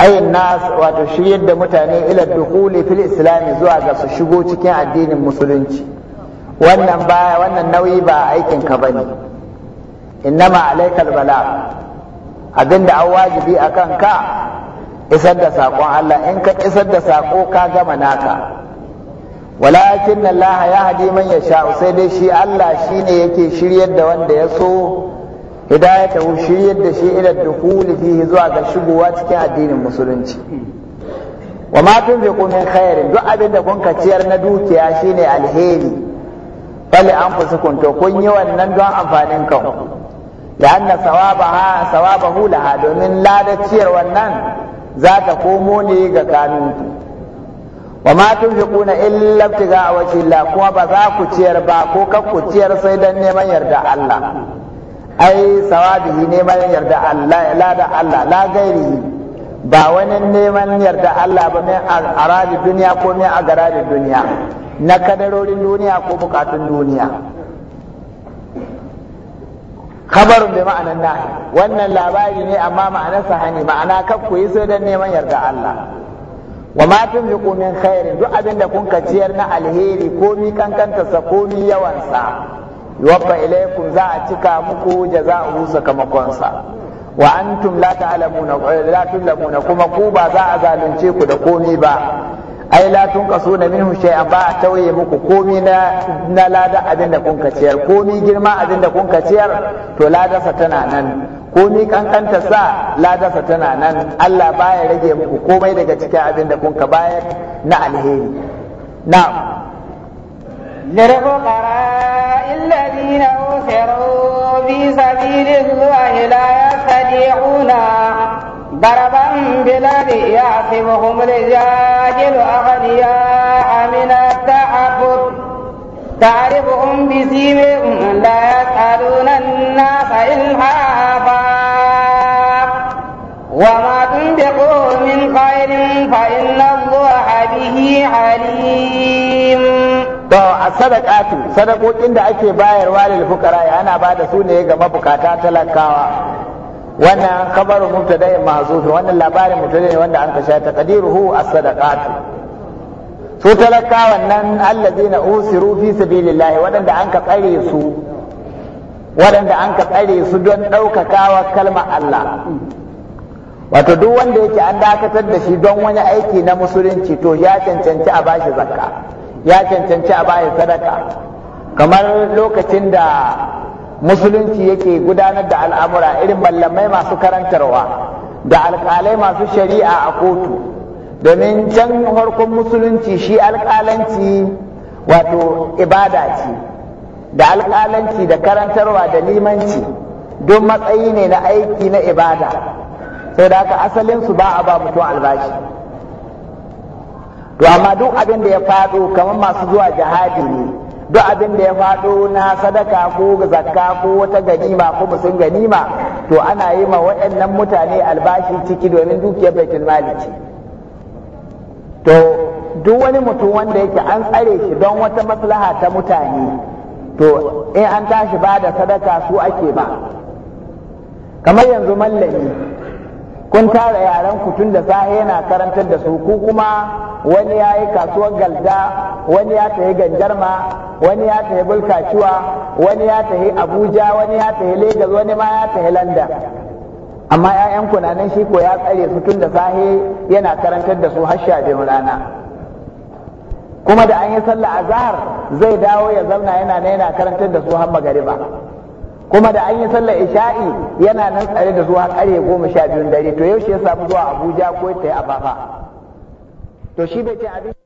[SPEAKER 1] ayin wato shiryar da mutane ila dukhuli fil islam zuwa ga su shigo cikin addinin musulunci wannan baya wannan nauyi ba aikin ka bane innama alaikal bala abinda an wajibi akan ka isar da saƙon Allah in ka isar da saƙo ka gama naka walakin Allah ya hadi man ya sha sai dai shi Allah shine yake shiryar da wanda ya so hidayata hu shiryar da shi ila dukhuli fihi zuwa ga shigowa cikin addinin musulunci wa ma tunfiqu min khairin duk abinda kun kaciyar na dukiya shine alheri bali an fusa kunto kun yi wannan don amfanin kan ha sawaba hula laha domin ladaciyar wannan za ta komo ne ga ku wa ma tunfiquna illa a wajhi Allah kuma ba za ku ciyar ba ko kan ku ciyar sai dan neman yarda Allah ai sawabihi neman yarda Allah la da Allah la gairi ba wani neman yarda Allah ba ne a aradi duniya ko ne a garadin duniya na kadarorin duniya ko bukatun duniya khabarun bi ma'anan na wannan labari ne amma ma'anarsa hani ma'ana kaf ku yi sai don neman yarda Allah wa ma yi komin khairin duk abin da kun kaciyar na alheri ko mi kankanta sa ko mi yawansa? yawan ilaikum yuwaffa za a cika muku jaza'uhu sakamakonsa wa antum la ta'lamuna eh, la tulamuna kuma ku ba za a zalunce ku da komi ba ai la na minhu an ba a tauye muku komi na na lada abinda kun kaciyar komi girma abinda kun ciyar, to sa tana nan komi kankanta sa sa tana nan Allah baya rage muku komai daga cikin abinda kun ka bayar na alheri na'am
[SPEAKER 2] للفقراء الذين أوسروا في سبيل الله لا يستطيعون ضربا بلاد يعصمهم الجاهل أغنياء من التعفف تعرفهم بسيمهم لا يسألون الناس إلحافا وما تنفقوا من خير فإن الله به عليم
[SPEAKER 1] to a tu, sadakokin da ake bayarwa lil fuqara ana ba da su ne ga mabukata talakawa wannan khabaru mubtada mahzuf wannan labarin mubtada ne wanda an kashe ta taqdiruhu as-sadaqatu su talakawan nan allazina usiru fi sabilillahi wadanda an ka tsare su waɗanda an ka tsare su don daukakawa kalmar Allah wato duk wanda yake an dakatar da shi don wani aiki na musulunci to ya cancanci a bashi zakka ya cancanci a bayan sadaka kamar lokacin da musulunci yake gudanar da al'amura irin mallamai masu karantarwa da alkalai masu shari'a a kotu domin can farkon musulunci shi alkalanci wato ibada ce da alƙalanci da karantarwa da limanci don matsayi ne na aiki na ibada sau da haka asalinsu ba a ba mutum albashi to amma duk abin da ya faɗo kamar masu zuwa jihadi ne duk abin da ya faɗo na sadaka ko zakka ko wata ganima ko musun ganima to ana yi ma waɗannan mutane albashi ciki domin dukiyar baitul mali ce to duk wani mutum wanda yake an tsare shi don wata maslaha ta mutane to in an tashi ba da sadaka su ake ba kamar yanzu mallami kun tara yaran ku tun da safe yana karantar da su ku kuma wani ya yi kasuwar galda wani ya tafi ganjarma wani ya tafi bulkaciwa wani ya tafi abuja wani ya tafi lagos wani ma ya tafi landa amma 'ya'yan kunanin shi ko ya tsare su tun da safe yana karantar da su har sha rana kuma da an yi sallah azhar zai dawo ya zauna yana na yana karantar da su har magariba kuma da an yi sallar isha'i yana nan tsare da zuwa kare goma sha biyun dare to yaushe ya samu zuwa abuja ko ta yi abafa to shi bai ce abin